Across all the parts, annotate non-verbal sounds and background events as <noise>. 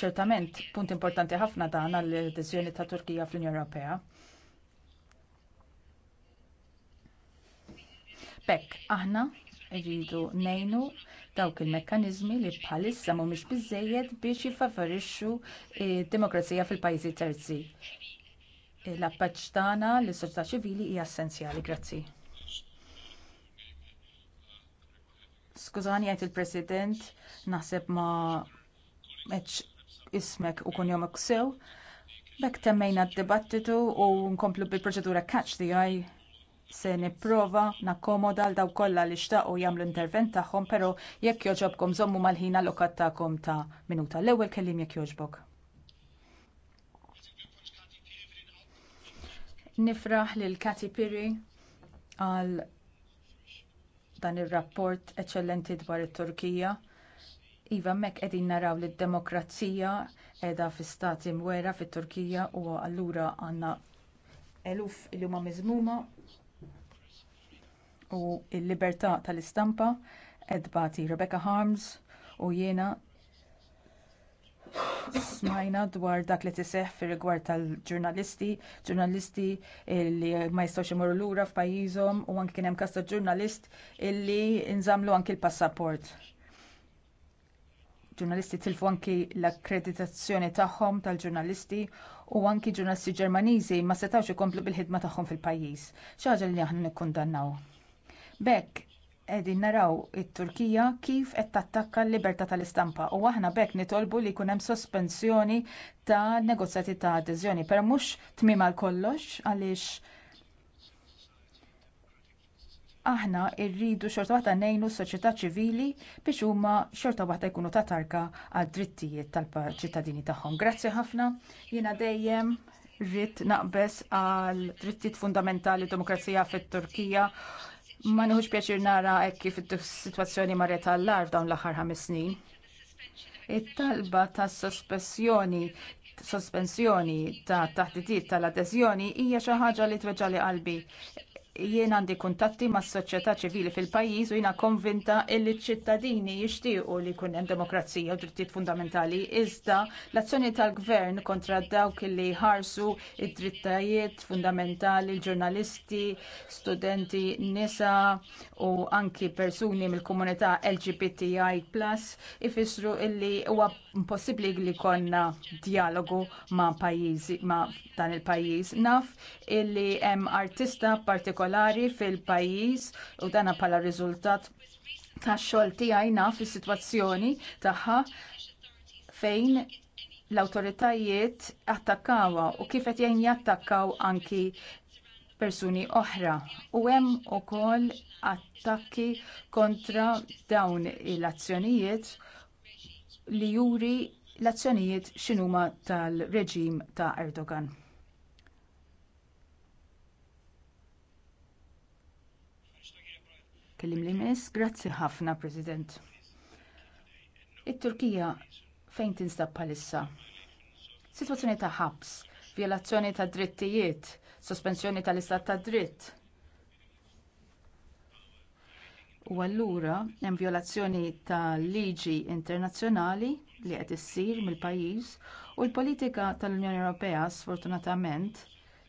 ċertament punt importanti ħafna dan għall-deżjoni ta' Turkija fl-Unjoni Ewropea. Bekk, aħna rridu nejnu dawk il-mekkanizmi li bħalissa mhumiex biżżejjed biex jiffavorixxu d-demokrazija fil-pajjiżi terzi. L-appoġġ tagħna lis soċjetà ċivili hija essenzjali. Grazzi. Skużani għajt il-President, naħseb ma meċ ismek u kun jomok sew. bekk temmejna d-dibattitu u nkomplu bil-proċedura catch the eye se nipprova nakkomoda għal dawk kollha li xtaqgħu jagħmlu intervent tagħhom, però jekk jogħġobkom żommu mal-ħin allokat tagħkom ta' minuta l-ewwel kelliem jekk jogħġbok. Nifraħ lil Kati Piri għal dan ir-rapport eċċellenti dwar it-Turkija Iva mek qegħdin naraw li d-demokrazija qiegħda fi stati mwera fit turkija u allura għandna eluf li huma miżmuma u l-libertà tal-istampa qed Rebecca Harms u jiena smajna dwar dak li tiseħħ fir-rigward tal-ġurnalisti, ġurnalisti li ma jistgħux imorru lura f'pajjiżhom u anke kien hemm każ ġurnalist illi nżamlu anke l-passaport ġurnalisti tilfu anki l-akkreditazzjoni tagħhom tal-ġurnalisti u anki ġurnalisti Ġermaniżi ma setgħux ikomplu bil-ħidma tagħhom fil-pajjiż. Xi ħaġa li aħna nikkundannaw. B'hekk qegħdin naraw it-Turkija kif qed tattakka l-libertà tal-istampa u aħna b'hekk nitolbu li jkun hemm sospensjoni ta' negozjati ta' adeżjoni, però mhux tmiem għal kollox għaliex aħna rridu xorta waħda ngħinu s-soċjetà ċivili biex huma xorta waħda jkunu ta' tarka għad-drittijiet tal-ċittadini tagħhom. Grazzi ħafna, jiena dejjem rrid naqbes għal drittijiet fundamentali demokrazija fit-Turkija. Ma nħuġ pjaċir nara hekk kif is-sitwazzjoni marret għall-ar dawn l-aħħar ħames snin. It-talba tas sospensjoni sospensjoni ta' taħdidiet tal-adeżjoni hija xi ħaġa li tweġġa' qalbi jien għandi kuntatti mas soċjetà ċivili fil-pajjiż u jiena konvinta li ċittadini jixtiequ li jkun hemm demokrazija u drittijiet fundamentali iżda l-azzjoni tal-gvern kontra dawk li ħarsu id-drittajiet fundamentali ġurnalisti, studenti, nisa u anki persuni mill-komunità LGBTI+ ifissru illi huwa impossibbli li jkollna dialogu ma' pajjiżi ma' dan il-pajjiż. Naf illi hemm artista partikolari popolari fil-pajjiż u dana bħala riżultat tax-xogħol tiegħi naf is-sitwazzjoni tagħha fejn l-awtoritajiet attakkawha u kif qed jgħin jattakkaw anki persuni oħra. U hemm ukoll attakki kontra dawn l-azzjonijiet li juri l-azzjonijiet x'inhuma tal-reġim ta' Erdogan. il li mis. Grazzi ħafna, President. It-Turkija fejn tinstab bħalissa? Sitwazzjoni ta' ħabs, violazzjoni ta' drittijiet, sospensjoni tal-istat ta' dritt. U allura hemm violazzjoni ta' liġi internazzjonali li qed issir mill-pajjiż u l-politika tal-Unjoni Ewropea sfortunatament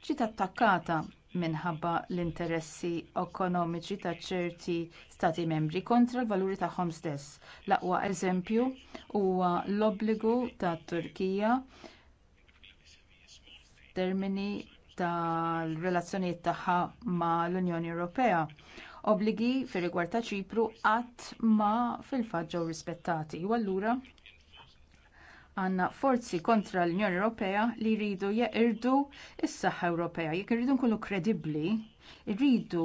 ġiet attakkata minħabba l-interessi ekonomiċi ta' ċerti stati membri kontra l-valuri tagħhom stess. L-aqwa eżempju huwa l-obbligu tat Turkija termini tal-relazzjonijiet tagħha mal unjoni Ewropea. Obbligi fir rigward ta' Ċipru qatt ma fil-fatt ġew rispettati. U allura għandna forzi kontra l-Unjoni Ewropea li jridu jeqirdu s-saħħa Ewropea. Jekk irridu nkunu kredibbli, jridu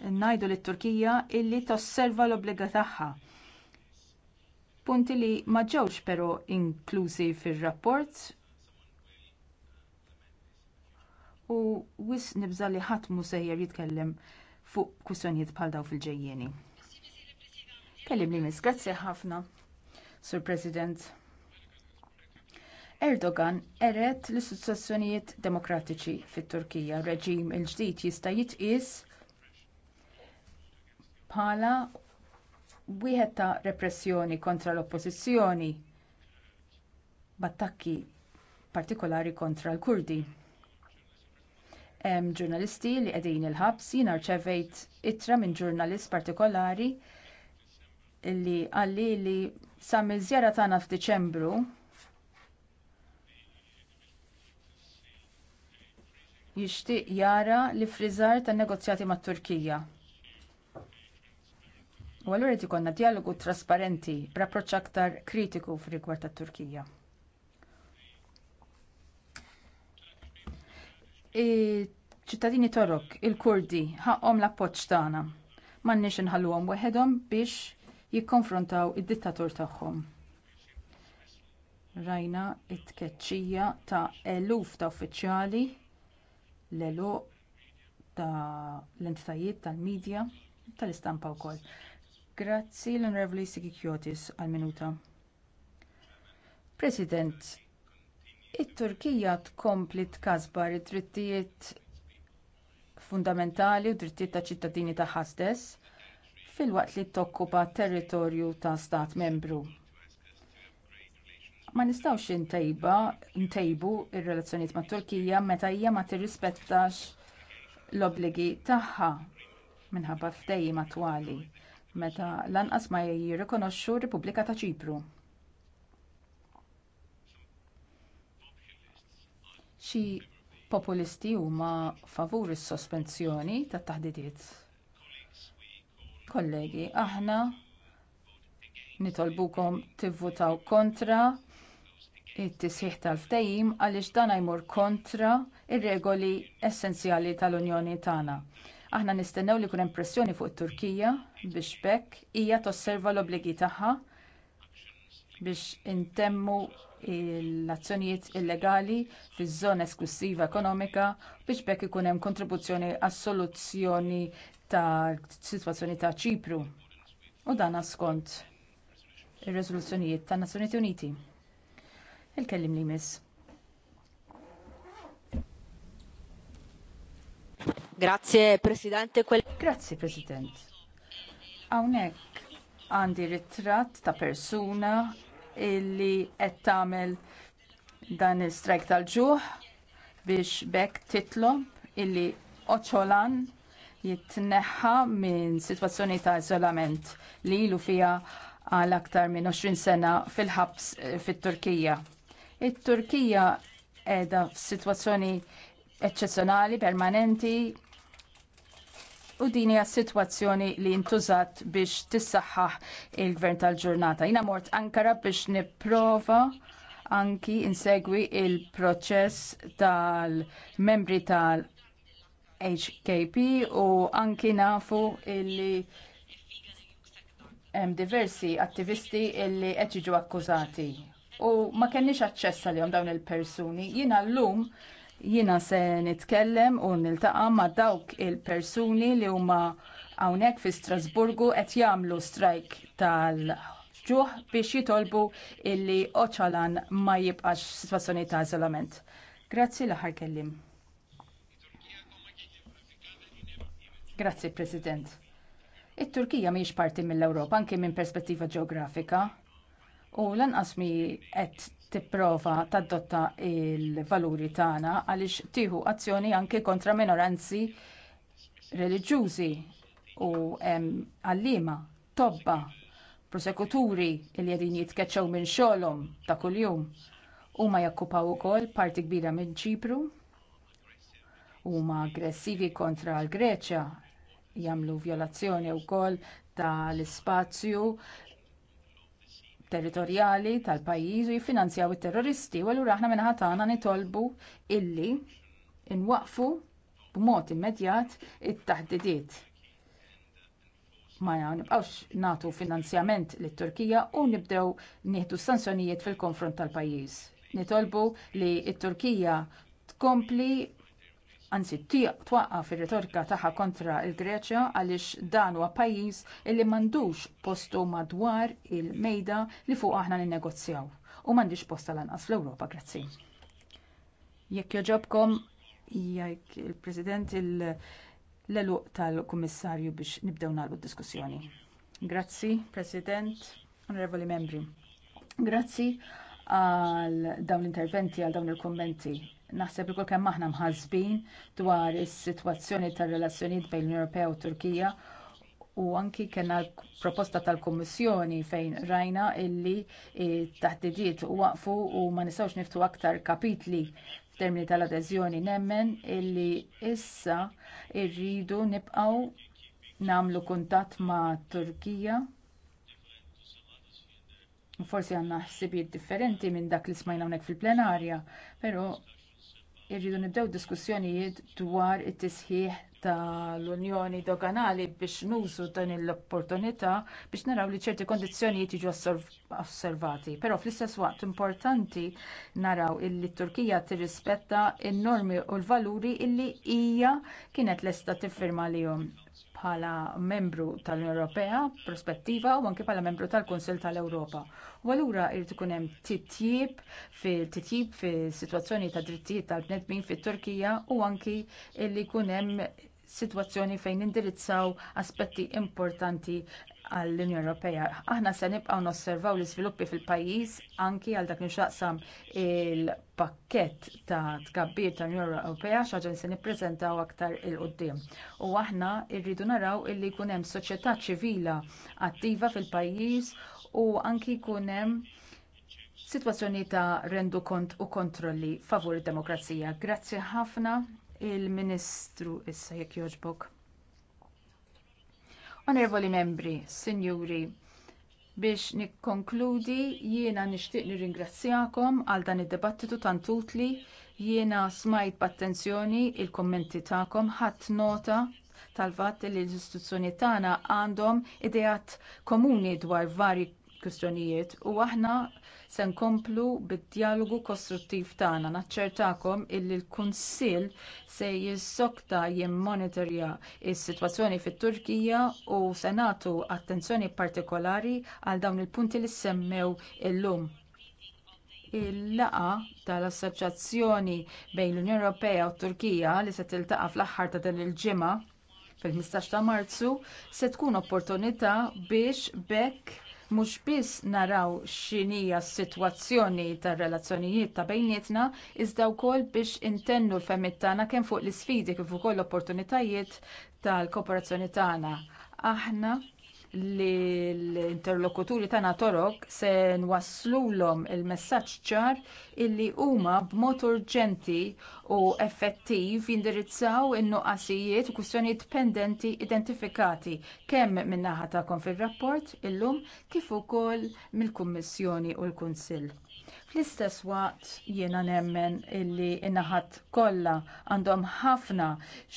ngħidu lit turkija illi tosserva l-obbliga tagħha. Punti li ma ġewx però inklużi fir-rapport u wis nibża li ħadd mhu sejjer jitkellem fuq kwistjonijiet bħal dawn fil-ġejjieni. Kellim li miss, grazzi ħafna, Sur President. Erdogan eret l-istituzzjonijiet demokratiċi fit-Turkija. Reġim il-ġdid jista' jitqies bħala wieħed ta' repressjoni kontra l-oppożizzjoni b'attakki partikolari kontra l-Kurdi. Hemm ġurnalisti li qegħdin il-ħabs jiena rċevejt ittra minn ġurnalist partikolari li qalli li sa mill żjara tagħna f'Diċembru jixtieq jara li friżar tan-negozjati mat-Turkija. U allura qed ikollna dijalogu trasparenti b'rapproċċ aktar kritiku f'rigward tat-Turkija. ċittadini Torok, il-Kurdi, ħaqhom l-appoġġ tagħna. M'għandniex inħalluhom weħedhom biex jikkonfrontaw id-dittatur tagħhom. Rajna t tkeċċija ta' eluf ta' uffiċjali l għeluq ta' l-entitajiet tal-midja tal-istampa wkoll. Grazzi l-Onorevoli Sikikjotis għal-minuta. President, it-Turkija tkompli tkasba id-drittijiet fundamentali u drittijiet ta' ċittadini tagħha stess filwaqt li tokkupa territorju ta' stat membru ma nistgħux intejba ntejbu r-relazzjonijiet mat Turkija meta hija ma tirrispettax l-obbligi tagħha minħabba ftehim attwali meta lanqas ma jirrikonoxxu r-Repubblika ta' Ċipru. Xi populisti huma favur is-sospensjoni tat-taħdidiet. Kollegi, aħna nitolbukom tivvutaw kontra it-tisħiħ tal-ftehim għaliex dan jmur kontra ir-regoli essenzjali tal-Unjoni tagħna. Aħna nistennew li jkun hemm pressjoni fuq it-Turkija biex bekk hija tosserva l-obbligi tagħha biex intemmu l-azzjonijiet illegali fiż-żona esklusiva ekonomika biex bekk ikun hemm kontribuzzjoni għas-soluzzjoni tas-sitwazzjoni ta' Ċipru. U dan skont ir-reżoluzzjonijiet tan-Nazzjonijiet Uniti il-kellim li miss. Grazie Presidente. Quel... Grazie President. Hawnhekk għandi ritratt ta' persuna illi qed tagħmel dan il-strajk tal-ġuħ biex bekk titlob illi oċolan jitneħħa minn sitwazzjoni ta' iżolament li ilu fiha għal aktar minn 20 sena fil-ħabs eh, fit-Turkija. It-Turkija qiegħda f'sitwazzjoni eċċezzjonali permanenti u din hija sitwazzjoni li ntużat biex tissaħħaħ il-gvern tal-ġurnata. Jiena mort Ankara biex nipprova anki insegwi il-proċess tal-membri tal-HKP u anki nafu illi hemm diversi attivisti illi qed jiġu akkużati u ma kenniex aċċess għalihom dawn il-persuni. Jiena llum jiena se nitkellem u niltaqa' ma' dawk il-persuni li huma hawnhekk fi Strasburgu qed jagħmlu strajk tal ġuħ biex jitolbu illi oċalan ma jibqax situazzjoni ta' iżolament. Grazzi l-aħħar kellim. Grazzi, President. It-Turkija mhijiex parti mill-Ewropa anke minn perspettiva ġeografika u lanqas mi qed tipprova tadotta l valuri tagħna għaliex tieħu azzjoni anke kontra minoranzi reliġjużi u għallima, tobba, prosekuturi li qegħdin jitkeċċew minn xogħolhom ta' kuljum. Huma jakkupaw ukoll parti kbira minn Ċipru. Huma aggressivi kontra l-Greċja jagħmlu vjolazzjoni wkoll tal-ispazju territorjali tal-pajjiż u jiffinanzjaw it-terroristi u allura aħna minħa tagħna nitolbu illi inwaqfu b'mod immedjat it-taħdidiet. Ma nibqgħux nagħtu finanzjament lit turkija u nibdew nieħdu sanzjonijiet fil-konfront tal-pajjiż. Nitolbu li t-Turkija tkompli anzi twaqqaf ir-retorika tagħha kontra il greċja għaliex dan huwa pajjiż li m'għandux postu madwar il-mejda li fuq aħna ninnegozjaw u m'għandix posta lanqas fl-Ewropa grazzi. Jekk joġobkom jekk il-President l-eluq tal-Kummissarju biex nibdew nagħlu d-diskussjoni. Grazzi, President, Onorevoli Membri. Grazzi għal dawn l-interventi, għal dawn il kummenti Naħseb li kemm aħna mħazbin dwar is-sitwazzjoni tar-relazzjonijiet bejn l-Unjoni Ewropea u Turkija u anki kena proposta tal-Kommissjoni fejn rajna illi taħdidiet waqfu u ma nistgħux niftu aktar kapitli f'termini tal-adeżjoni nemmen illi issa rridu nibqgħu nagħmlu kuntatt ma' Turkija forsi għandna ħsibijiet differenti minn dak li smajna hawnhekk fil-plenarja, però irridu nibdew diskussjonijiet dwar it-tisħiħ tal-Unjoni Doganali biex nużu dan l-opportunità biex naraw li ċerti kondizzjonijiet jiġu osservati. Però fl-istess waqt importanti naraw illi Turkija tirrispetta n normi u l-valuri illi hija kienet lesta tiffirma lihom bħala membru tal-Unjoni Ewropea prospettiva u anke bħala membru tal-Kunsill tal-Ewropa. U allura jrid ikun hemm titjib fil-titjib fis-sitwazzjoni ta' drittijiet tal-bnedmin fit-Turkija u anki li jkun hemm sitwazzjoni fejn indirizzaw aspetti importanti għall-Unjoni Ewropea. Aħna se nibqgħu nosservaw l-iżviluppi fil-pajjiż anki għal dak nixaqsam il-pakkett ta' tkabbir ta' Unjoni Ewropea xaġa li se nippreżentaw aktar il qudiem U aħna rridu naraw illi jkun hemm soċjetà ċivila attiva fil-pajjiż u anki jkun hemm sitwazzjoni ta' rendu kont u kontrolli favur id-demokrazija. Grazzi ħafna il-Ministru issa jekk jogħġbok. Onorevoli membri, sinjuri, biex nikkonkludi jiena nixtieq nirringrazzjakom għal dan id-dibattitu tant utli jiena smajt b'attenzjoni l kummenti tagħkom ħadd nota tal-fatt li l istituzzjoni tagħna għandhom ideat komuni dwar varji kwistjonijiet u aħna Se nkomplu bid-dialogu kostruttiv tagħna naċċertakom illi l-Kunsill se jissokta jimmonitorja s-sitwazzjoni fit-Turkija u se nagħtu attenzjoni partikolari għal dawn il-punti li semmew illum il laqgħa tal-assoċjazzjoni bejn l-Unjoni Ewropea u t Turkija li se tiltaqa' fl-aħħar ta' din il-ġimgħa fil-15 ta' Marzu se tkun opportunità biex bekk mhux biss naraw x'inhija s-sitwazzjoni tar-relazzjonijiet ta' bejnietna, iżda wkoll biex intennu l-femmit tagħna kemm fuq l-isfidi kif ukoll l-opportunitajiet tal-kooperazzjoni tagħna. Aħna li l-interlokuturi tagħna torok se l-om il-messaġġ ċar illi huma b'mod urġenti u effettiv jindirizzaw in-nuqqasijiet u kwistjonijiet pendenti identifikati kemm min-naħa ta' fir-rapport illum kif ukoll mill-Kummissjoni u l-Kunsill. Fl-istess waqt jiena nemmen illi in-naħat kollha għandhom ħafna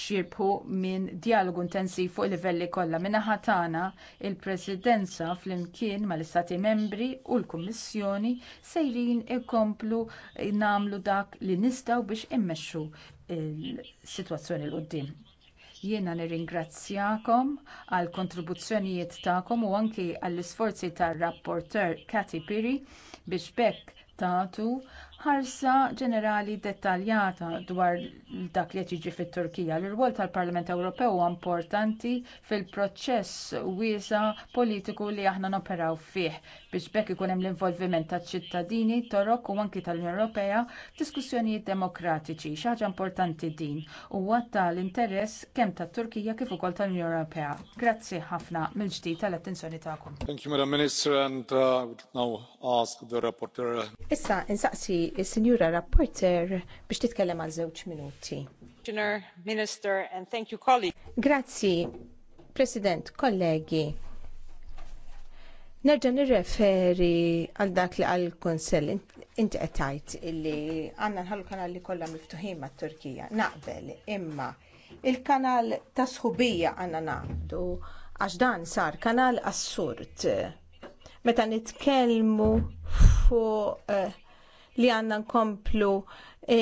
xirbħu minn dialogu intensiv fuq livelli kollha. Min-naħa tagħna il-Presidenza flimkien mal-Istati Membri u l-Kummissjoni sejrin ikomplu nagħmlu dak li nistgħu biex immexxu il-sitwazzjoni l qudiem Jiena nirringrazzjakom għall kontribuzzjonijiet tagħkom u anki għall isforzi tar rapporter Kati Piri biex bekk trattatu ħarsa ġenerali dettaljata dwar dak li qed jiġi fit-Turkija. L-irwol tal-Parlament Ewropew huwa importanti fil-proċess wiesa politiku li aħna noperaw fih biex bekk ikun hemm l-involviment taċ-ċittadini, torok u anki tal-Unjoni Ewropea f'diskussjonijiet demokratiċi. Xi ħaġa importanti din huwa tal-interess kemm tat-Turkija kif ukoll tal-Unjoni Ewropea. Grazzi ħafna mill-ġdid tal-attenzjoni tagħkom. Thank you, Madam Minister, and uh, now ask the rapporteur. Issa, insaqsi is-Sinjura Rapporter biex titkellem għal żewġ minuti. Minister, and thank you, colleague. Grazzi, President, kollegi. Nerġa' nirreferi għal dak li għal konsell inti għetajt illi għandna nħallu kanal li kollha miftuħin mat-Turkija. Naqbel, imma il-kanal ta' sħubija għandna naqdu għax dan sar kanal assurd meta nitkellmu fuq uh, li għandna nkomplu e,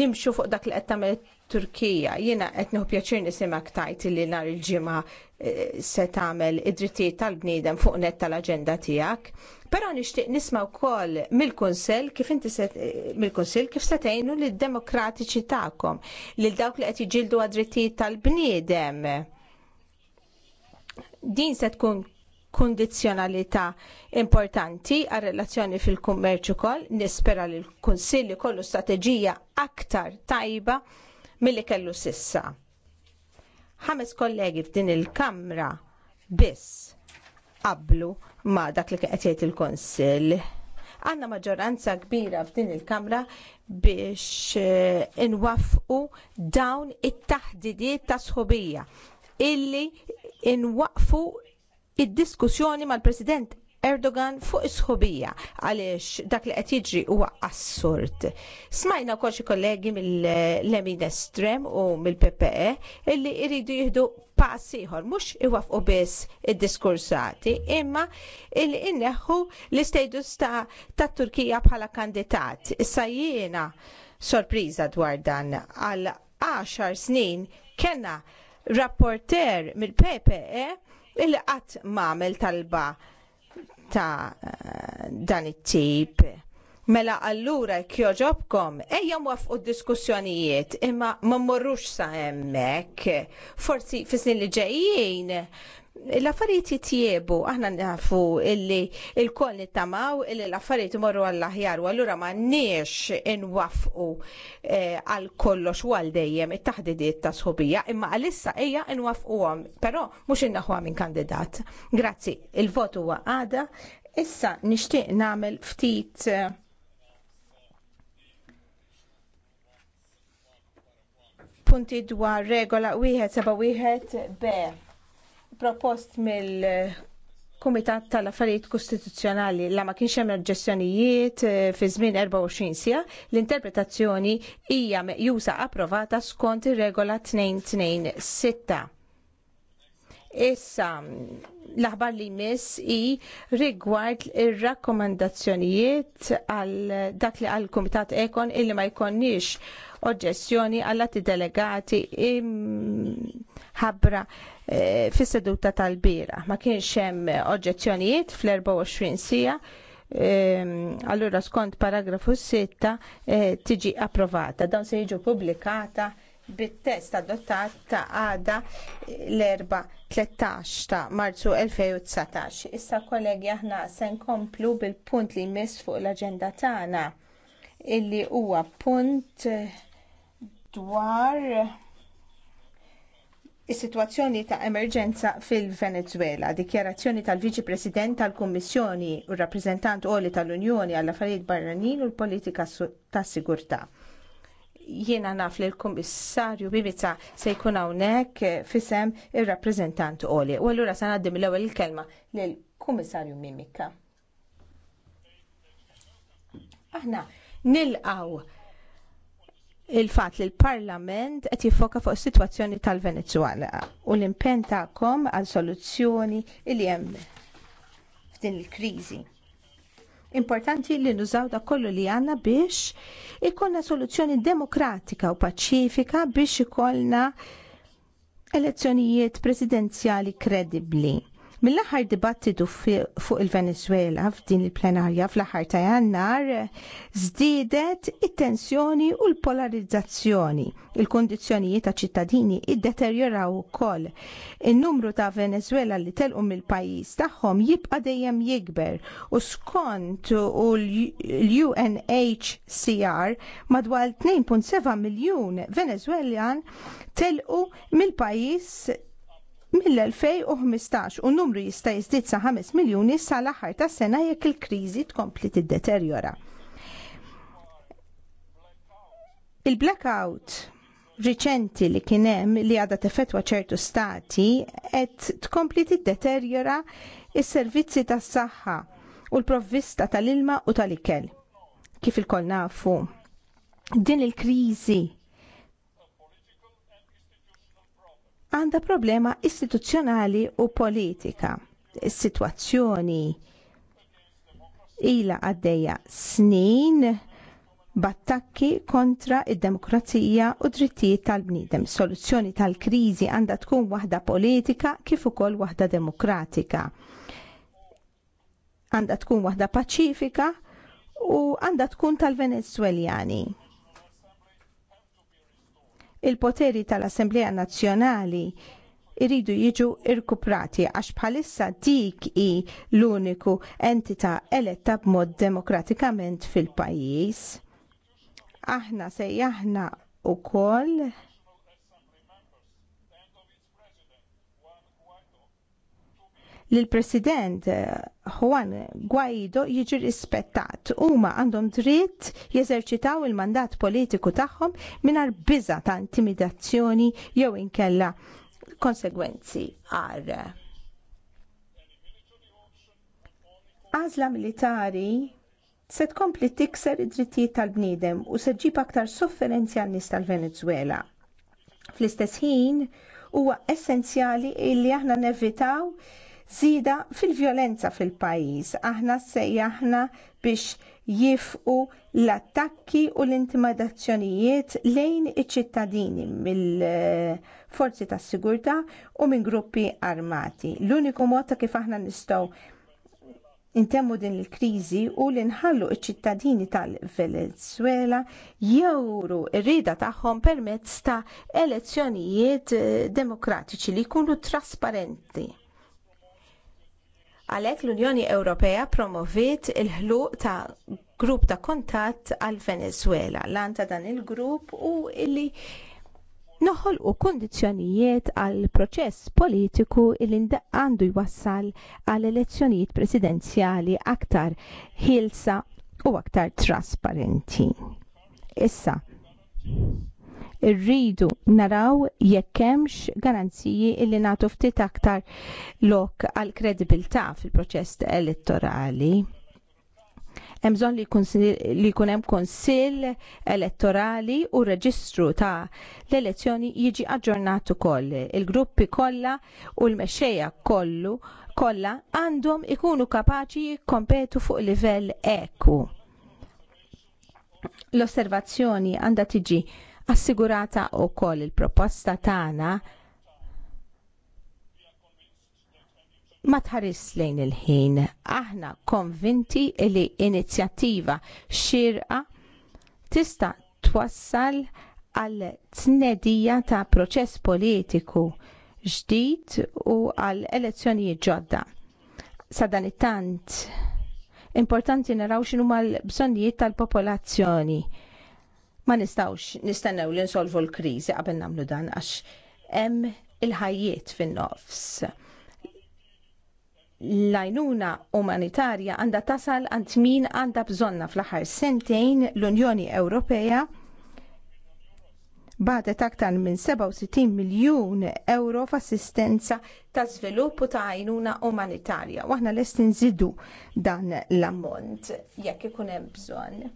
nimxu fuq dak li qed tagħmel Turkija. Jiena qed pjaċir nisimak tajti li nhar il-ġimgħa e, se tagħmel id-drittijiet tal-bniedem fuq net tal-aġenda tiegħek. Però nixtieq nisma' wkoll mill-Kunsell kif inti e, mill-Kunsell kif se tgħinu lid-demokratiċi tagħkom lil dawk li qed jiġildu għad-drittijiet tal-bniedem. Din se tkun kundizzjonalità importanti għar relazzjoni fil-kummerċ ukoll, nispera li l-Kunsill kollu strateġija aktar tajba milli kellu sissa. Ħames kollegi f'din il-Kamra biss qablu ma dak li qed il-Kunsill. Għandna maġġoranza kbira f'din il-Kamra biex eh, inwaffqu dawn it-taħdidiet ta' sħubija illi inwaqfu id-diskussjoni mal-President Erdogan fuq isħobija għaliex dak li qed jiġri huwa assurd. Smajna wkoll xi kollegi mill-Lemin Estrem u mill-PPE illi jridu jieħdu pass ieħor mhux iwafqu biss id-diskursati imma illi inneħħu l-istatus ta' tat-Turkija bħala kandidat. Issa jiena sorpriża dwar dan għal 10 snin kellna rapporter mill-PPE il qatt mamel talba ta' dan it-tip. Mela allura kjoġobkom, ejja wafqu diskussjonijiet, imma ma morrux sa' emmek, forsi fissin li ġejjin l-affarijiet jitjiebu, aħna nafu illi il-koll nittamaw illi l-affarijiet morru għall-aħjar, u allura ma nix inwafqu eh, għal kollox u għal dejjem it-taħdidiet ta' sħobija, imma għalissa ejja inwafqu għom, pero mux innaħu minn kandidat. Grazzi, il-votu huwa għada, issa nishtiq namel ftit eh, punti dwar regola wieħed seba' wieħed b propost mill Kumitat tal-Affarijiet Kostituzzjonali la ma kienx hemm oġġezzjonijiet eh, fi żmien 24 sija, l-interpretazzjoni hija meqjusa approvata skont ir-regola 226. Issa, l-aħbar li mis i rigward ir-rakkomandazzjonijiet għal dak li għal Kumitat Ekon illi ma jkonniex oġġessjoni għall atti delegati ħabra e, eh, fis-seduta tal-bira. Ma kienx hemm oġġezzjonijiet fl-24 sija. E, allura skont paragrafu 6 e, eh, tiġi approvata. Dan se jiġu pubblikata bit-test adottat ta' għada l-4 13 ta' Marzu 2019. Issa kollegi aħna se nkomplu bil-punt li jmiss fuq l-aġenda tagħna illi huwa punt dwar is-sitwazzjoni ta' emerġenza fil-Venezuela, dikjarazzjoni tal-Viċi President tal-Kummissjoni u r-Rappreżentant Oli tal-Unjoni għall affarijiet Barranin u l-Politika tas-Sigurtà jiena naf li l-Kummissarju Bibica se jkun hawnhekk fisem ir-rappreżentant Oli. U allura se ngħaddim l-ewwel kelma lill-Kummissarju Mimika. Aħna nilqaw il-fat li l-Parlament qed jiffoka fuq is-sitwazzjoni tal-Venezuela u l-impenn tagħkom għal soluzzjoni li hemm f'din il-kriżi. Importanti li nużaw da kollu li għanna biex ikonna soluzzjoni demokratika u paċifika biex ikonna elezzjonijiet presidenzjali kredibbli. Mill-aħħar dibattitu fuq il-Venezuela f'din il-plenarja fl-aħħar ta' jannar żdiedet it-tensjoni u l-polarizzazzjoni. Il-kondizzjonijiet ta' ċittadini iddeterjoraw ukoll. In-numru ta' Venezuela li telqu mill-pajjiż tagħhom jibqa' dejjem jikber u skont u l-UNHCR madwar 2.7 miljun Venezuelan telqu mill-pajjiż mill-2015 u numru jista' jiżdied sa 5 miljuni sal-aħħar tas-sena jekk il-kriżi tkompli tiddeterjora. Il-blackout riċenti li kien hemm li għadha tefetwa ċertu stati qed tkompli tiddeterjora s-servizzi tas-saħħa u l-provvista tal-ilma u tal-ikel. Kif il-kol nafu, din il-kriżi għandha problema istituzzjonali u politika. Situazzjoni sitwazzjoni ila għaddejja snin battakki kontra id-demokrazija u drittijiet tal-bniedem. Soluzzjoni tal-kriżi għandha tkun waħda politika kif ukoll waħda demokratika. Għanda tkun waħda paċifika u għandha tkun tal-Venezueljani il-poteri tal-Assemblea Nazzjonali iridu jiġu irkuprati għax bħalissa dik hi l-uniku entita' eletta b'mod demokratikament fil-pajjiż. Aħna sejjaħna wkoll li l-President eh, Juan Guaido jiġi rispettat. Huma għandhom dritt jeżerċitaw il-mandat politiku tagħhom mingħajr biża ta' intimidazzjoni jew inkella konsegwenzi għar. Għażla militari se tkompli tikser id-drittijiet tal-bniedem u se ġib aktar sofferenzi għan nies tal-Venezuela. Fl-istess ħin huwa essenzjali li aħna nevitaw zida fil-vjolenza fil-pajjiż. Aħna sejjaħna biex jifqu l-attakki u l-intimidazzjonijiet lejn iċ-ċittadini mill-forzi tas sigurtà u minn gruppi armati. L-uniku mod ta' kif aħna nistgħu intemmu din il-kriżi u li nħallu iċ-ċittadini tal-Venezuela jewru r-rieda tagħhom permezz ta' elezzjonijiet eh, demokratiċi li jkunu trasparenti. Għalhekk l-Unjoni Ewropea promoviet il-ħluq ta' grupp ta' kuntatt għal Venezuela. Lan ta' dan il-grupp u illi noħolqu kundizzjonijiet għal proċess politiku illi għandu jwassal għal elezzjonijiet presidenzjali aktar ħilsa u aktar trasparenti. Issa, rridu naraw jekk hemmx garanziji illi nagħtu ftit aktar lok għal kredibilità fil-proċess elettorali. Hemm bżonn li jkun hemm kunsill elettorali u reġistru ta' l-elezzjoni jiġi aġġornat ukoll. Il-gruppi kollha u l-mexxejja kollu kollha għandhom ikunu kapaċi jikkompetu fuq livell eku. L-osservazzjoni għandha tiġi assigurata wkoll il-proposta tagħna ma tħares lejn il-ħin. Aħna konvinti li inizjattiva xirqa tista' twassal għal tnedija ta' proċess politiku ġdid u għal elezzjonijiet ġodda. Sadan it-tant importanti naraw x'inhu l-bżonnijiet tal-popolazzjoni Ma nistawx nistennew li nsolvu l-kriżi qabel nagħmlu dan għax hemm il-ħajjiet fin-nofs. L-għajnuna umanitarja għandha tasal għant min għandha bżonna fl-aħħar sentejn l-Unjoni Ewropea batet aktar minn 67 miljun euro f'assistenza ta' sviluppu ta' għajnuna umanitarja. Waħna lest nżidu dan l-ammont jekk ikun hemm bżonn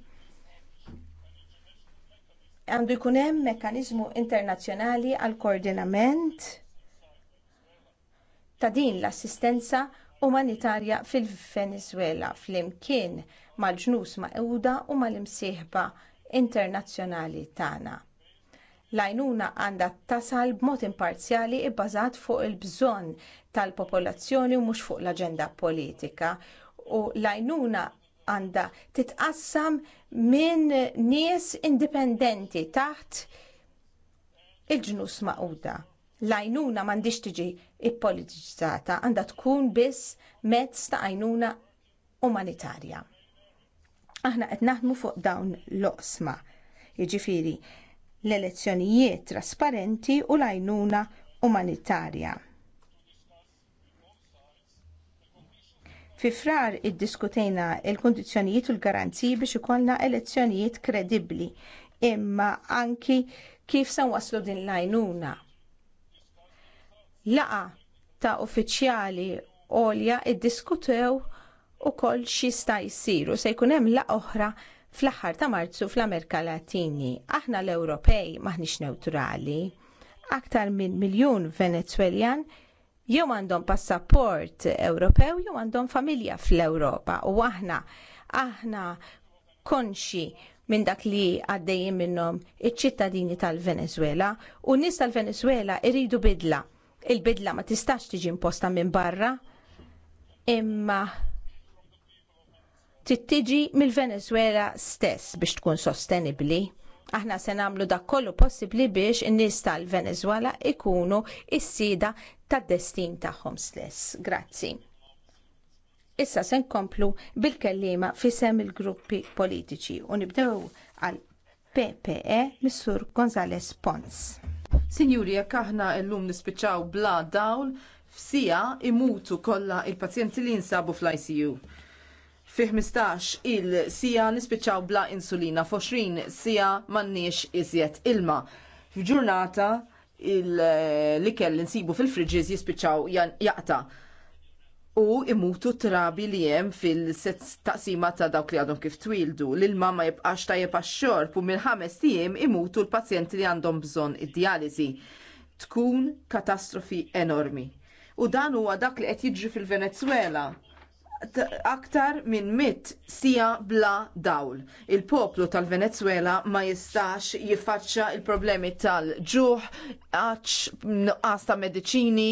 għandu jkun hemm mekkaniżmu internazzjonali għal koordinament ta' din l-assistenza umanitarja fil-Venezuela flimkien mal-ġnus ma'quda u mal-imsieħba internazzjonali tagħna. L-għajnuna għandha tasal b'mod imparzjali bbażat fuq il-bżonn tal-popolazzjoni u mhux fuq l-aġenda politika u l għandha titqassam minn nies indipendenti taħt il-ġnus maquda. L-għajnuna m'għandix tiġi ippolitizzata għandha tkun biss mezz ta' għajnuna umanitarja. Aħna qed naħdmu fuq dawn l-oqsma. Jiġifieri l-elezzjonijiet trasparenti u l-għajnuna umanitarja. Fi frar iddiskutejna l-kundizzjonijiet u l-garanziji biex ikollna elezzjonijiet kredibbli imma anki kif se waslu din l-għajnuna. Laqa ta' uffiċjali għolja iddiskutew ukoll xi xista jsiru se jkun hemm laqgħa oħra fl-aħħar ta' Marzu fl-Amerika Latini. Aħna l-Ewropej maħniex neutrali. Aktar minn miljun Venezweljan jew għandhom passaport Ewropew jew għandhom familja fl-Ewropa u aħna aħna konxi minn dak li għaddejjin minnhom iċ-ċittadini tal-Venezuela u nies tal-Venezuela iridu bidla. Il-bidla ma tistax tiġi imposta minn barra imma tittiġi mill-Venezuela stess biex tkun sostenibbli. Aħna se nagħmlu dak kollu possibbli biex in-nies tal-Venezuela ikunu s-sida tad-destin tagħhom stess. Grazzi. Issa se nkomplu bil-kellima fisem il-gruppi politiċi u nibdew għal PPE Missur Gonzales Pons. Sinjuri, jekk aħna llum nispiċċaw bla dawl, f'sija imutu kollha il-pazjenti li jinsabu fl-ICU fi 15 il-sija nispiċċaw bla insulina, 20 sija m'għandniex iżjed ilma. F'ġurnata l li li nsibu fil-friġiż jispiċċaw jaqta' u imutu trabi li jem fil-taqsima ta' dawk li għadhom kif twildu. L-ilma ma jibqax tajjeb għax-xorb u mill-ħames tijem imutu l-pazjenti li għandhom bżonn id-dializi. Tkun katastrofi enormi. U dan huwa dak li qed jiġri fil-Venezuela aktar minn mit sija bla dawl. Il-poplu tal-Venezuela ma jistax jiffaċċja l problemi tal-ġuħ, għax, nuqqas ta' mediċini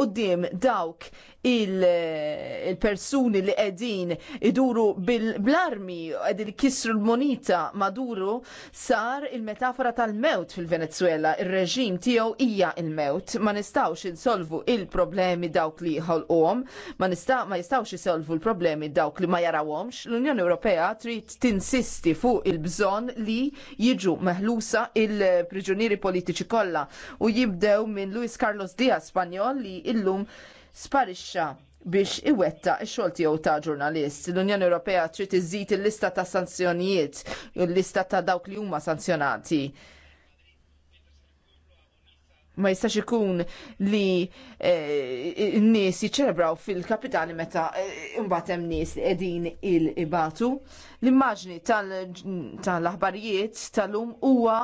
quddiem dawk il-persuni il li qegħdin iduru bil blarmi qegħdin kisru l-monita maduru sar il-metafora tal-mewt fil-Venezuela. Ir-reġim tiegħu hija il-mewt. Ma nistgħux insolvu il-problemi dawk li jħolquhom, ma nista' ma jistgħux isolvu l-problemi dawk li ma jarawhomx. L-Unjoni Ewropea trid tinsisti fuq il-bżonn li jiġu meħlusa il-priġunieri politiċi kollha u jibdew minn Luis Carlos Diaz Spanjol li illum sparixxa biex iwetta x-xogħol tiegħu ta' ġurnalist. L-Unjoni Ewropea trid iżżid il-lista ta' sanzjonijiet, il-lista ta' dawk li huma sanzjonati. Ma jistax ikun li eh, n-nies jiċċelebraw fil-kapitali meta eh, imbagħad hemm nies li qegħdin il-ibatu. L-immaġni tal-aħbarijiet tal-lum huwa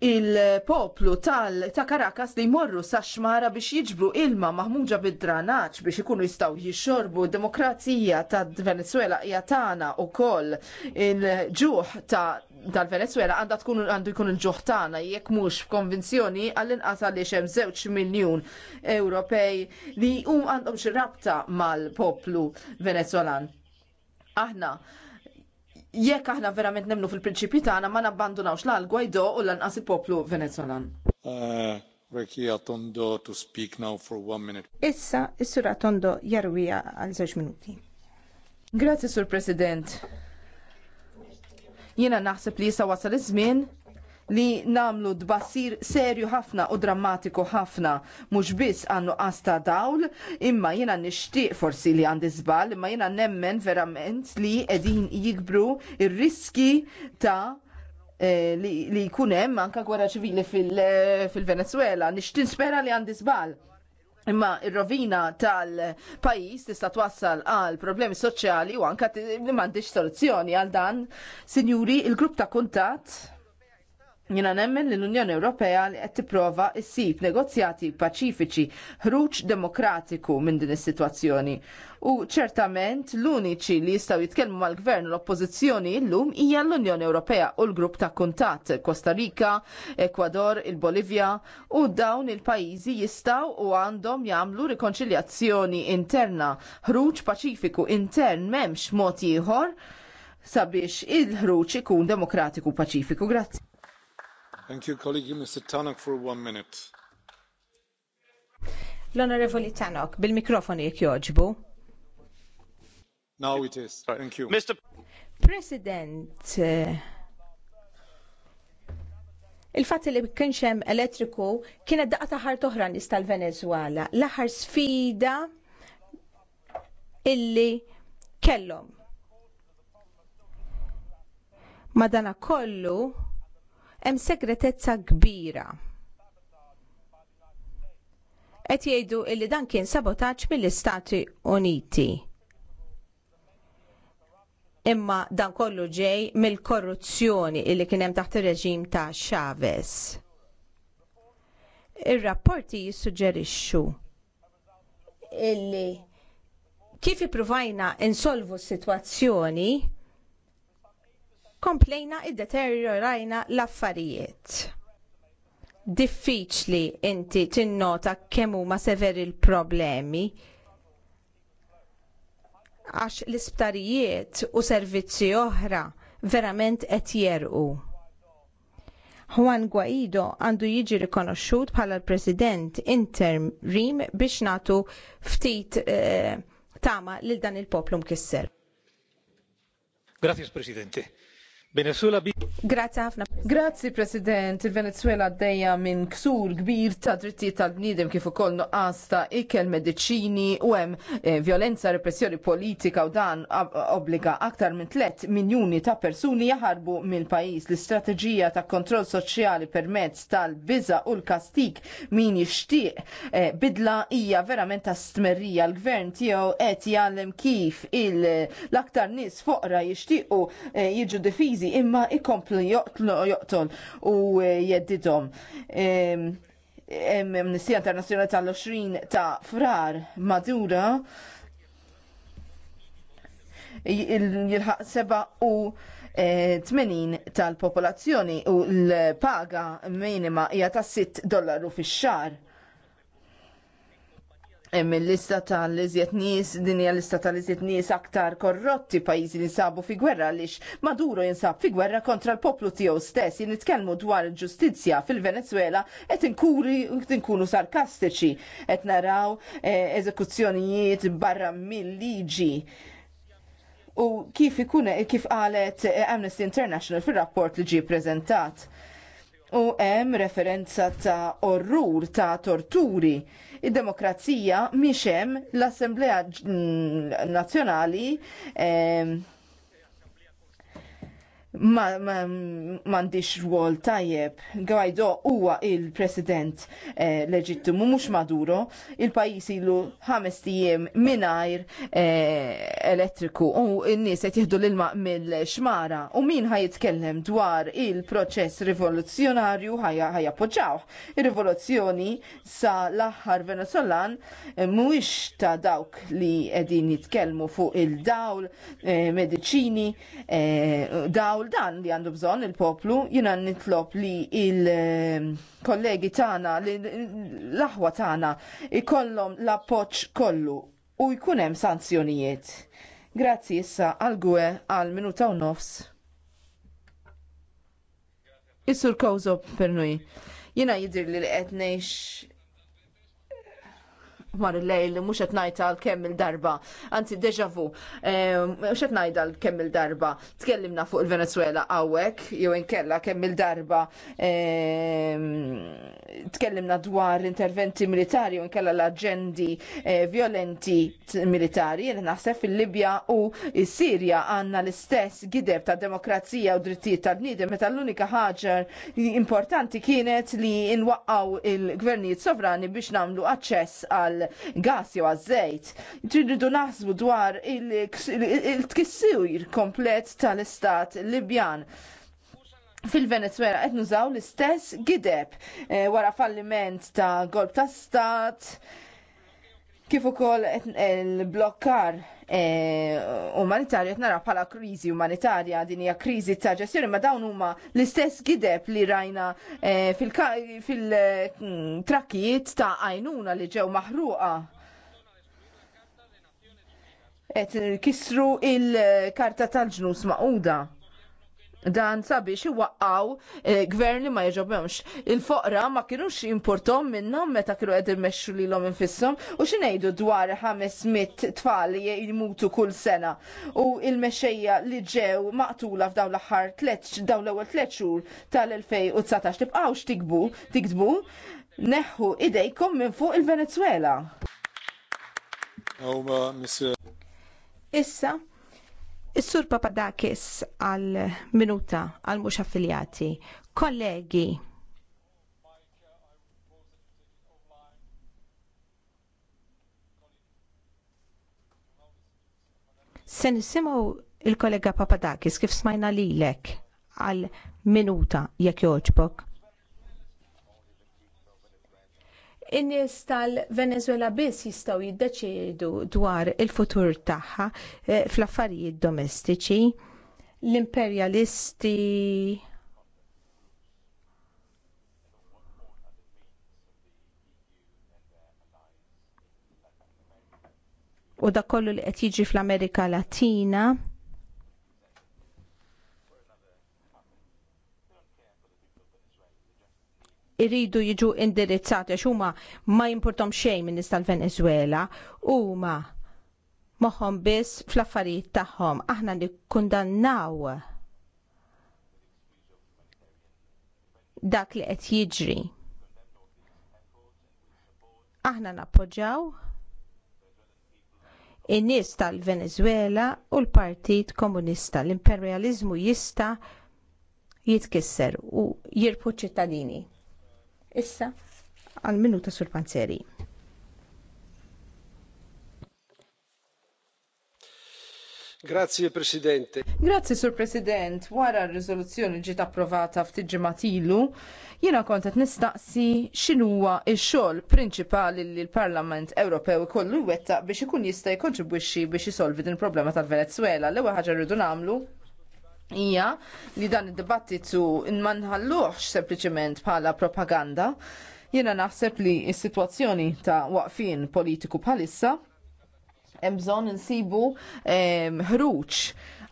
il-poplu tal ta' Karakas li jmorru sa' xmara biex jiġbru ilma maħmuġa bid-dranaċ biex ikunu jistaw jixorbu demokrazija ta' Venezuela jatana u koll il-ġuħ ta' tal-Venezuela għanda tkun għandu jkun il-ġuħ tana jekk mhux konvenzjoni għall-inqas għaliex hemm żewġ miljun Ewropej li hum għandhom xi rabta mal-poplu Venezuelan. Aħna jekk aħna verament nemnu fil-prinċipji tagħna ma nabbandunawx l Guaido u lanqas il-poplu Venezolan. Uh, Tondo to speak now for one minute. Issa, is-sura Tondo jarwija għal żewġ minuti. Grazzi, Sur President. Jiena naħseb li jista' wasal iż-żmien li namlu dbassir serju ħafna u drammatiku ħafna. Mhux biss għannu għasta dawl, imma jiena nishtiq forsi li għandi żball, imma jiena nemmen verament li qegħdin jikbru ir-riski ta' eh, li, li kunem anka gwerra ċivili eh, fil-Venezuela. Fil spera li għandi żball. Imma ir-rovina tal-pajis tista' twassal għal problemi soċjali u anka m'għandix soluzzjoni għal dan. Sinjuri, il-grupp ta' kuntat Jina nemmen li l-Unjoni Ewropea li qed tipprova ssib negozjati paċifiċi ħruġ demokratiku minn din is-sitwazzjoni. U ċertament l-uniċi li jistgħu jitkellmu mal-gvern u l-oppożizzjoni llum hija l-Unjoni Ewropea u l-grupp ta' kuntatt Costa Rica, Ekwador, il-Bolivja u dawn il-pajjiżi jistgħu u għandhom jagħmlu rikonċiljazzjoni interna, ħruġ paċifiku intern m'hemmx mod ieħor sabiex il-ħruġ ikun demokratiku paċifiku. Grazzi. Thank you, colleague, Mr. Tannock, for one minute. L-Onorevoli Tannock, bil-mikrofoni jek joġbu. Now it is. Thank you. Mr. President, eh, il-fatt li kienx hemm elettriku kienet daqqa ta' ħar toħra nies tal-Venezuela, l-aħħar sfida illi kellhom. Madana kollu hemm segretezza kbira. Qed jgħidu li dan kien sabotaġġ mill-Istati Uniti. Imma dan kollu ġej mill-korruzzjoni li kien hemm taħt ir-reġim ta' Chavez. Ir-rapporti jissuġġerixxu illi kif ippruvajna insolvu s-sitwazzjoni komplejna id-deteriorajna l-affarijiet. Diffiċli inti tinnota kemm huma severi l-problemi għax l-isptarijiet u servizzi oħra verament qed jerqu. Juan Guaido għandu jiġi rikonoxxut bħala l-President interim biex nagħtu ftit eh, tama lil dan il-poplu mkisser. Grazie, Presidente Venezuela bi. Grazie ħafna. Grazzi President, il-Venezuela għaddejja minn ksur kbir ta' drittijiet tal-bniedem kif ukoll nuqqas ta' ikel mediċini u hemm eh, violenza, repressjoni politika u dan obbliga aktar minn 3 miljuni ta' persuni jaħarbu mill-pajjiż. L-istrateġija ta' kontroll soċjali permezz tal-biża u l-kastik min jixtieq eh, bidla hija verament ta' stmerrija l-gvern tiegħu qed jgħallem kif l-aktar nies foqra jixtiequ eh, jiġu defiż pajjiżi imma ikomplu joqtol u eh, jeddidhom. Amnistija Internazzjonali tal-20 ta' frar Madura jilħaq seba' u 80 eh, tal-popolazzjoni u l-paga minima hija ta' 6 dollaru fix-xar Hemm il-lista tal-iżjed nies, din hija lista tal-iżjed nies aktar korrotti pajjiżi li sabu fi gwerra għaliex Maduro jinsab fi gwerra kontra l-poplu tiegħu stess. Jien nitkellmu dwar il-ġustizzja fil-Venezuela qed inkunu sarkastiċi qed naraw eh, eżekuzzjonijiet barra mill-liġi. U kif ikun kif qalet Amnesty International fir-rapport li ġie ppreżentat u hemm referenza ta' orrur ta' torturi. Id-demokrazija miex hemm l-Assemblea Nazzjonali eh, Ma mandiċ rwol tajjeb. Guaido huwa il-president eh, leġittimu, mux Maduro, il-pajis ilu ħames tijiem minajr eh, elettriku u n-nis qed jihdu l-ilma mill-xmara u min ħaj jitkellem dwar il-proċess rivoluzzjonarju ħajja appoġġawh. Ir-rivoluzzjoni sa l-aħħar Venezolan eh, mhuwiex ta' dawk li qegħdin jitkellmu fuq il-dawl, medicini, mediċini, dawl dan li għandu bżonn il-poplu, jiena nitlob li il-kollegi tagħna, l-aħwa tagħna ikollhom l-appoġġ kollu u jkun hemm sanzjonijiet. Grazzi issa għal gwe għal minuta u nofs. Is-sur per Pernuj. Jiena jidir li qed ngħix mar il-lejl mux etnajta għal-kemm il-darba, anzi deja vu, mux ehm, etnajda għal-kemm il-darba, tkellimna fuq il-Venezuela għawek, jew inkella kemm il-darba, ehm, tkellimna dwar interventi militari, jew inkella l-agendi eh, violenti militari, jena naħseb fil-Libja u s-Sirja għanna l-istess gideb ta' demokrazija u drittijiet tal bniedem meta l-unika ħaġa importanti kienet li nwaqqaw il-gvernijiet sovrani biex namlu aċċess għal gas jew għaż-żejt. Tridu naħsbu dwar il-tkissir komplet tal-istat Libjan fil-Venezuela qed nużaw l-istess gideb eh, wara falliment ta' golb ta' stat Kif ukoll il-blokkar eh, umanitarju qed nara bħala kriżi umanitarja din hija kriżi ta' ġestjoni ma dawn huma l-istess gideb li rajna eh, fil-trakkijiet ta' għajnuna li ġew maħruqa qed kisru il-karta tal-ġnus maquda dan sabiex iwaqqaw eh, gvern li ma jġobhomx. Il-foqra ma kienux importom minnhom meta kienu qed imexxu lilhom infisshom u xi ngħidu dwar 500 tfal li jmutu kull sena u il-mexxejja li ġew maqtula f'dawn l-aħħar dawn l-ewwel tliet xhur tal-2019 tibqgħux tikbu tikdbu neħħu idejkom minn fuq il-Venezuela. Issa, Is-Sur Papadakis għal minuta għal mhux affiljati. Kollegi, se nisimgħu il-kollega Papadakis kif smajna lilek għal minuta jekk jogħġbok. in-nies tal-Venezuela biss jistgħu jiddeċiedu dwar il-futur tagħha eh, fl-affarijiet domestiċi. L-imperjalisti u dak kollu li qed jiġi fl-Amerika Latina iridu jiġu indirizzati għax huma ma jimportom xejn minn nies tal-Venezuela huma moħħom biss fl-affarijiet tagħhom aħna nikkundannaw dak li qed jiġri. Aħna nappoġġaw in-nies tal-Venezuela u l-Partit Komunista. L-imperjaliżmu jista' jitkisser u jirpu ċittadini. Issa għal minuta sur panzeri. Grazie Presidente. Grazie Sur President. Wara r-riżoluzzjoni ġiet approvata ftit ġimatilu, jiena kont qed nistaqsi x'inhuwa x-xogħol prinċipali li l-Parlament Ewropew ikollu jwettaq biex ikun jista' jikkontribwixxi biex isolvi din il-problema tal-Venezuela. L-ewwel ħaġa rridu nagħmlu hija li dan id-dibattitu ma nħalluhx sempliċement bħala propaganda. Jiena naħseb li s-sitwazzjoni ta' waqfin politiku bħalissa hemm bżonn insibu ehm, ħruġ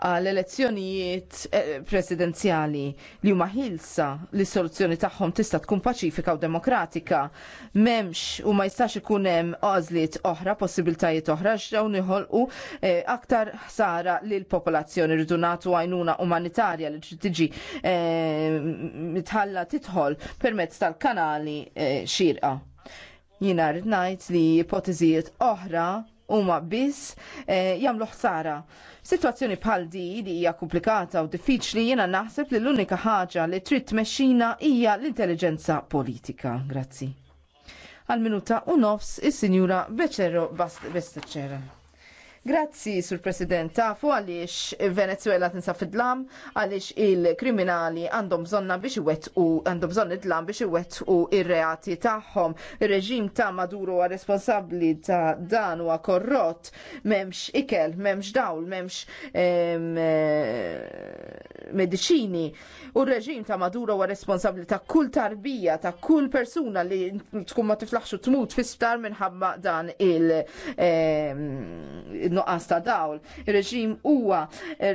għall elezzjonijiet eh, presidenzjali li huma ħilsa li soluzzjoni tagħhom tista' tkun paċifika u demokratika m'hemmx u ma jistax ikun hemm għażliet oħra, possibiltajiet oħra xdew niħolqu eh, aktar ħsara lil popolazzjoni rridu nagħtu għajnuna umanitarja li tiġi ehm, mitħalla tidħol permezz tal-kanali eh, xirqa. Jina rrid ngħid li ipoteżijiet oħra huma biss eh, jagħmlu ħsara. Situazzjoni bħal di li hija komplikata u diffiċli jiena naħseb li l-unika ħaġa li trid tmexxina hija l-intelligenza politika. Grazzi. Għal minuta u nofs is-Sinjura Beċero Bestaċera. Grazzi, Sur President, tafu għaliex Venezuela tinsab fid-dlam, għaliex il-kriminali għandhom bżonna biex iwet u għandhom bżon id-dlam biex iwet u ir-reati tagħhom. Ir-reġim ta' Maduro għal responsabli ta' dan huwa korrott, memx ikel, memx dawl, memx eh, medicini. U r-reġim ta' Maduro huwa responsabli ta' kull tarbija, ta' kull persuna li tkun ma tiflaħxu tmut fi sptar minħabba dan il- nuqqas ta' dawl. Ir-reġim huwa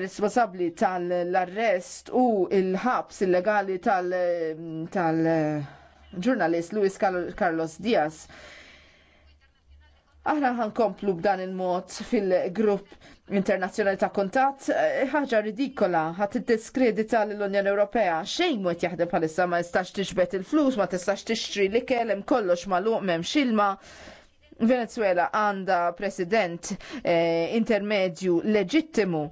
responsabbli tal-arrest u il-ħabs illegali tal-ġurnalist Luis Carlos Diaz. Aħna ħankomplu b'dan il-mod fil-grupp internazzjonali ta' kontat, eh, ħaġa ridikola, ħat id-diskredita l-Unjoni Ewropea, xejn mu jaħdem bħalissa ma jistax tixbet il-flus, ma tistax tixtri li kellem kollox l m'hemmx ilma. Venezuela għanda president eh, intermedju leġittimu.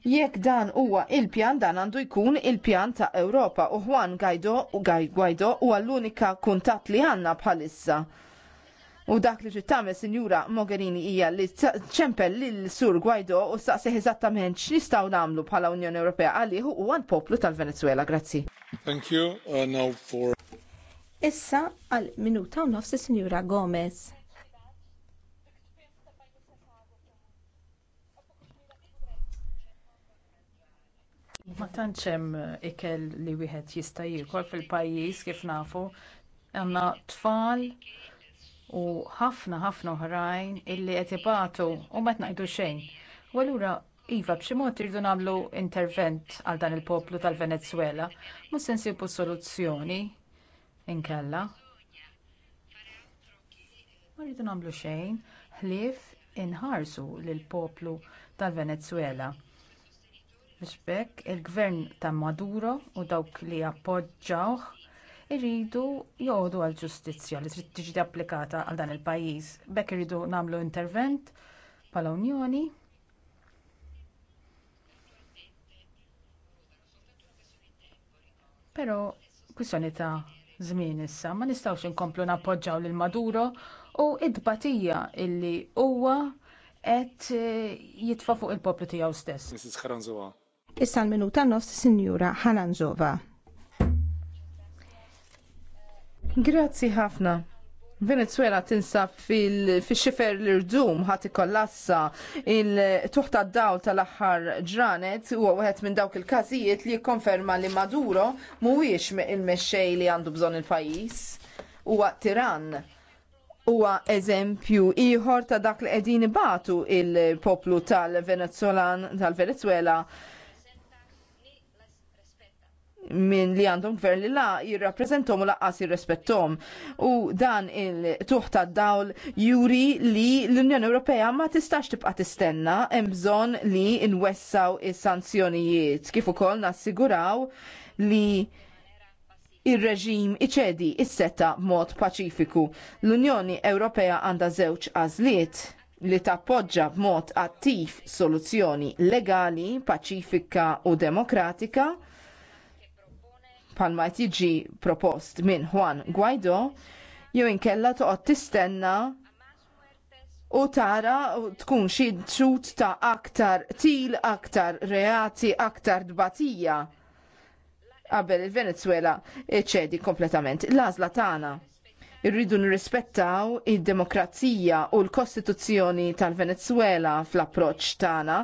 Jekk dan huwa il-pjan dan għandu jkun il-pjan ta' Ewropa u Juan Guaido u Guaido huwa l-unika kuntat li għanna bħalissa. U dak li ġittame sinjura Mogherini hija li ċempel lil sur Guaido u staqsi eżattament x'nistgħu nagħmlu bħala Unjoni Ewropea għalih u għan poplu tal-Venezuela. Grazzi. Thank you. Uh, now for Issa għal minuta u nofs is-Sinjura Gomez. Ma tantx hemm ikel li wieħed jista' jiekol fil-pajjiż kif nafu għandna tfal u ħafna ħafna oħrajn illi qed ibatu u ma tnaqdu xejn. U allura iva b'xi mod iridu nagħmlu intervent għal dan il-poplu tal-Venezwela mhux se nsibu soluzzjoni inkella ma rridu nagħmlu xejn ħlief inħarsu lill-poplu tal-venezwela biex b'hekk il-gvern ta' maduro u dawk li appoġġjawh iridu jgħodu għall ġustizzja li trid tiġi applikata għal dan il-pajjiż b'hekk iridu nagħmlu intervent bħala unjoni però kwistjoni ta' żmien issa. Ma nistgħux inkomplu nappoġġaw lil Maduro u id-batija illi huwa qed eh, jitfa' fuq il-poplu tiegħu stess. Mrs. Issa l-minuta nofs Sinjura Haranzova. Grazzi ħafna. Venezuela tinsab fil-xifer l-irdum ħati kollassa il-tuħta dawl tal-axħar ġranet u għuħet minn dawk il-kazijiet li konferma li Maduro mhuwiex il-mexxej li għandu bżon il-pajis u tiran huwa eżempju ieħor ta' dak li qegħdin ibatu il-poplu tal-Venezuelan tal-Venezuela tal venezuelan tal venezuela tal tal venezuela minn li għandhom gvern li la jirrapprezentom u laqqas jirrespettom. U dan il-tuħ ta' dawl juri li l-Unjoni Ewropea ma tistax tibqa' tistenna hemm bżonn li nwessaw is-sanzjonijiet kif ukoll nassiguraw li ir-reġim iċedi is setta b'mod paċifiku. L-Unjoni Ewropea għandha żewġ għażliet li tappoġġa b'mod attiv soluzzjoni legali, paċifika u demokratika palma tiġi propost minn Juan Guaido, jew inkella toqgħod tistenna u tara u tkun xi trut ta' aktar til, aktar reati, aktar dbatija qabel il-Venezuela ċedi kompletament. L-għażla tagħna irridu nirrispettaw id-demokrazija u l-Kostituzzjoni tal-Venezuela fl-approċċ tagħna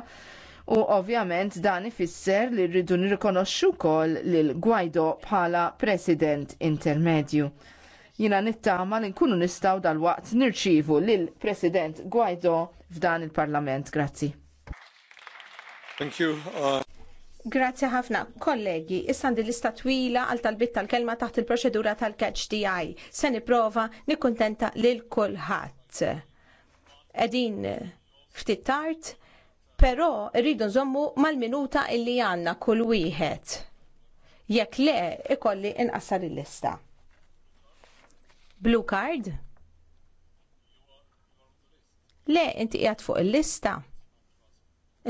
u ovvjament dan ifisser li rridu nirrikonoxxu wkoll lil Guaido bħala President intermedju. Jina nittama li nkunu nistaw dal-waqt nirċivu lil President Guaido f'dan il-Parlament. Grazzi. Thank you. Uh... Grazzi ħafna. Kollegi, issandi lista twila għal talbit tal-kelma taħt il-proċedura tal-catch DI. Se niprofa nikkuntenta lil kulħadd. Edin ftit tard, però rridu nżommu mal-minuta illi għandna kull wieħed. Jekk le, ikolli inqassar il-lista. Blue card? Le, inti qiegħed fuq il-lista.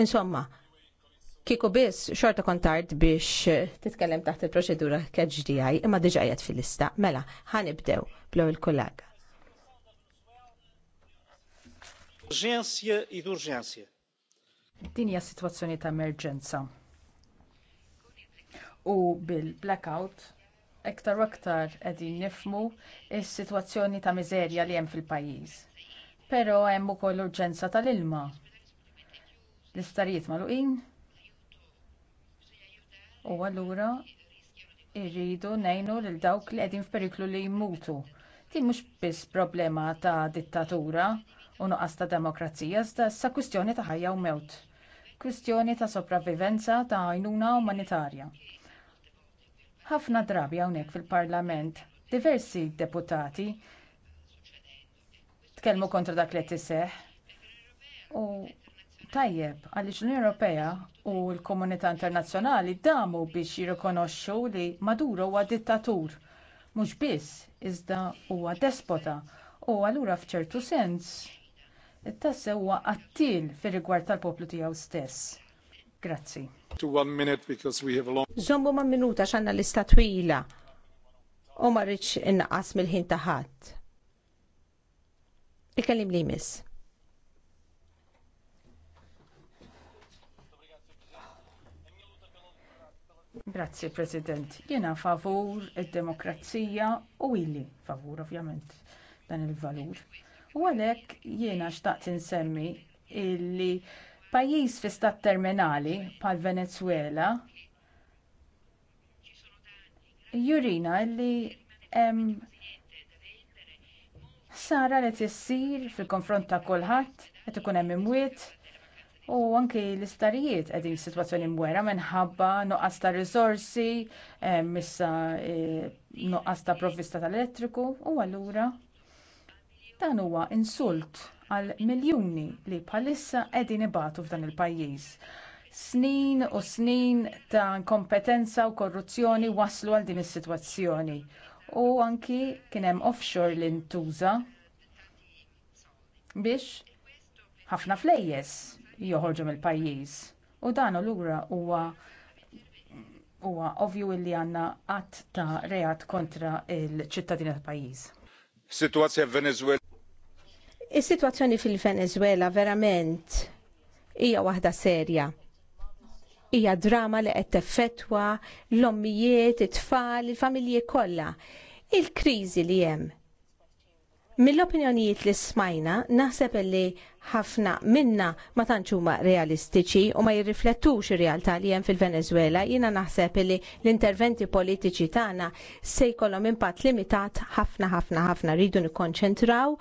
Insomma, kieku biss xorta kontart biex eh, titkellem taħt il-proċedura KHDI imma diġajet qiegħed fil-lista. Mela, ħanibdew blow il-kollega. Urgenzja id-urgenzja. Din hija sitwazzjoni ta' emerġenza. U bil-blackout iktar u aktar qegħdin nifhmu s-sitwazzjoni ta' miżerja li hemm fil-pajjiż. Però hemm ukoll urġenza tal-ilma. L-istarijiet magħluqin u allura irridu ngħinu lil dawk li qegħdin f'periklu li jmutu. Din mhux biss problema ta' dittatura u nuqqas ta' demokrazija, iżda issa kwistjoni ta' ħajja u mewt kwistjoni ta' sopravivenza ta' għajnuna umanitarja. Ħafna drabi hawnhekk fil-Parlament diversi deputati tkellmu kontra dak li tiseħ u tajjeb għaliex l-Unjoni Ewropea u l-komunità internazzjonali damu biex jirrikonoxxu li Maduro huwa dittatur mhux biss iżda huwa despota u allura f'ċertu sens it huwa qattil fir-rigward tal-poplu tiegħu stess. Grazzi. To one minute because we have a long... Zombu ma' minuta xanna lista twila u ma rridx inqas mill-ħin ta' ħadd. Ikellim li miss. Grazzi, President. Jena favur id-demokrazija u illi favur, ovvjament, dan il-valur. U għalhekk jiena xtaqt insemmi illi pajjiż fi stat terminali bħal Venezwela jurina li hemm sara li tissir fil-konfront ta' kulħadd qed ikun hemm imwiet U anki l-istarijiet għedin situazzjoni mwera minħabba nuqqas ta' risorsi, missa eh, nuqqas ta' provvista tal-elettriku u allura Dan huwa insult għal miljuni li bħalissa qegħdin ibatu f'dan il-pajjiż. Snin u snin ta' inkompetenza u korruzzjoni waslu għal din is-sitwazzjoni. U anki kien hemm offshore li ntuża biex ħafna flejjes joħorġu mill-pajjiż. U dan lura huwa huwa ovvju li għandna qatt ta' reat kontra l ċittadini tal-pajjiż. Situazzja Is-sitwazzjoni fil-Venezuela verament hija waħda serja hija drama li qed teffettwa l-ommijiet, it-tfal, il-familji kollha. Il-kriżi li hemm Mill-opinjonijiet li smajna, naħseb li ħafna minna ma tantx huma realistiċi u ma jirriflettux ir-realtà li hemm fil-Venezuela, jiena naħseb li l-interventi politiċi tagħna se jkollhom impatt limitat ħafna ħafna ħafna rridu nikkonċentraw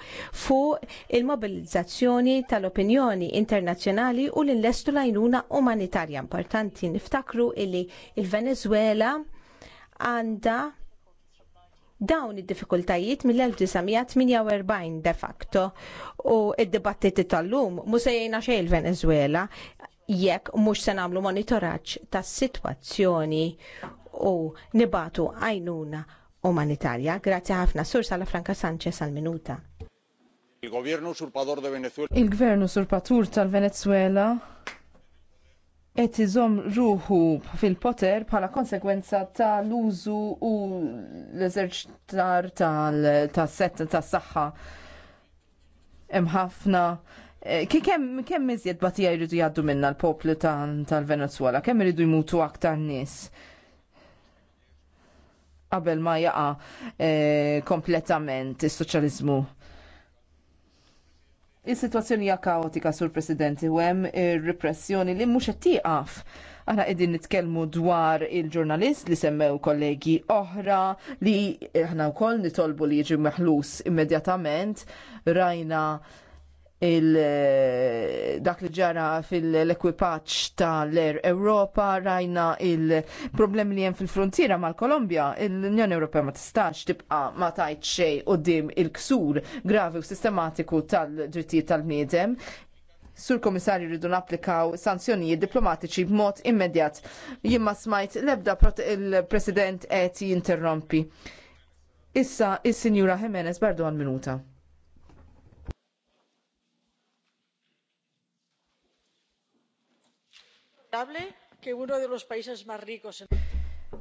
fuq il-mobilizzazzjoni tal-opinjoni internazzjonali u l-inlestu lajnuna umanitarja importanti niftakru illi il-Venezuela għandha dawn id-diffikultajiet mill-1948 de facto u id-dibattiti tal-lum musejjina xej il-Venezuela jekk mhux se nagħmlu monitoraġġ tas-sitwazzjoni u nibatu għajnuna umanitarja. Grazzi ħafna Sur Sala Franca Sanchez għal minuta. Il-Gvern usurpatur tal-Venezuela qed iżom ruħu fil-poter bħala konsekwenza tal-użu u l-eżerċitar tas-setta tas-saħħa. Hemm ħafna eh, kemm kemm iżjed batija jridu jgħaddu minna l-poplu tal-Venezuela, kemm iridu jmutu aktar nies qabel ma jaqa' eh, kompletament is-soċjaliżmu Is-sitwazzjoni hija kaotika sur President u hemm ir-repressjoni li mhux qed tieqaf. Aħna qegħdin nitkellmu dwar il-ġurnalist li semmew kollegi oħra li aħna wkoll nitolbu li jiġi meħlus immedjatament rajna Eh, dak li ġara fil-ekwipaċ tal-Air Europa, rajna il-problemi li jem fil-frontiera mal-Kolombja, l-Unjoni Ewropea ma tistax tibqa ma tajt xej u il-ksur gravi u sistematiku tal-drittijiet tal-bniedem sur komissarju rridu napplikaw sanzjonijiet diplomatiċi b'mod immedjat. Jimma smajt l-ebda il-President qed jinterrompi. Issa is-Sinjura Jimenez għal minuta. uno de los países más ricos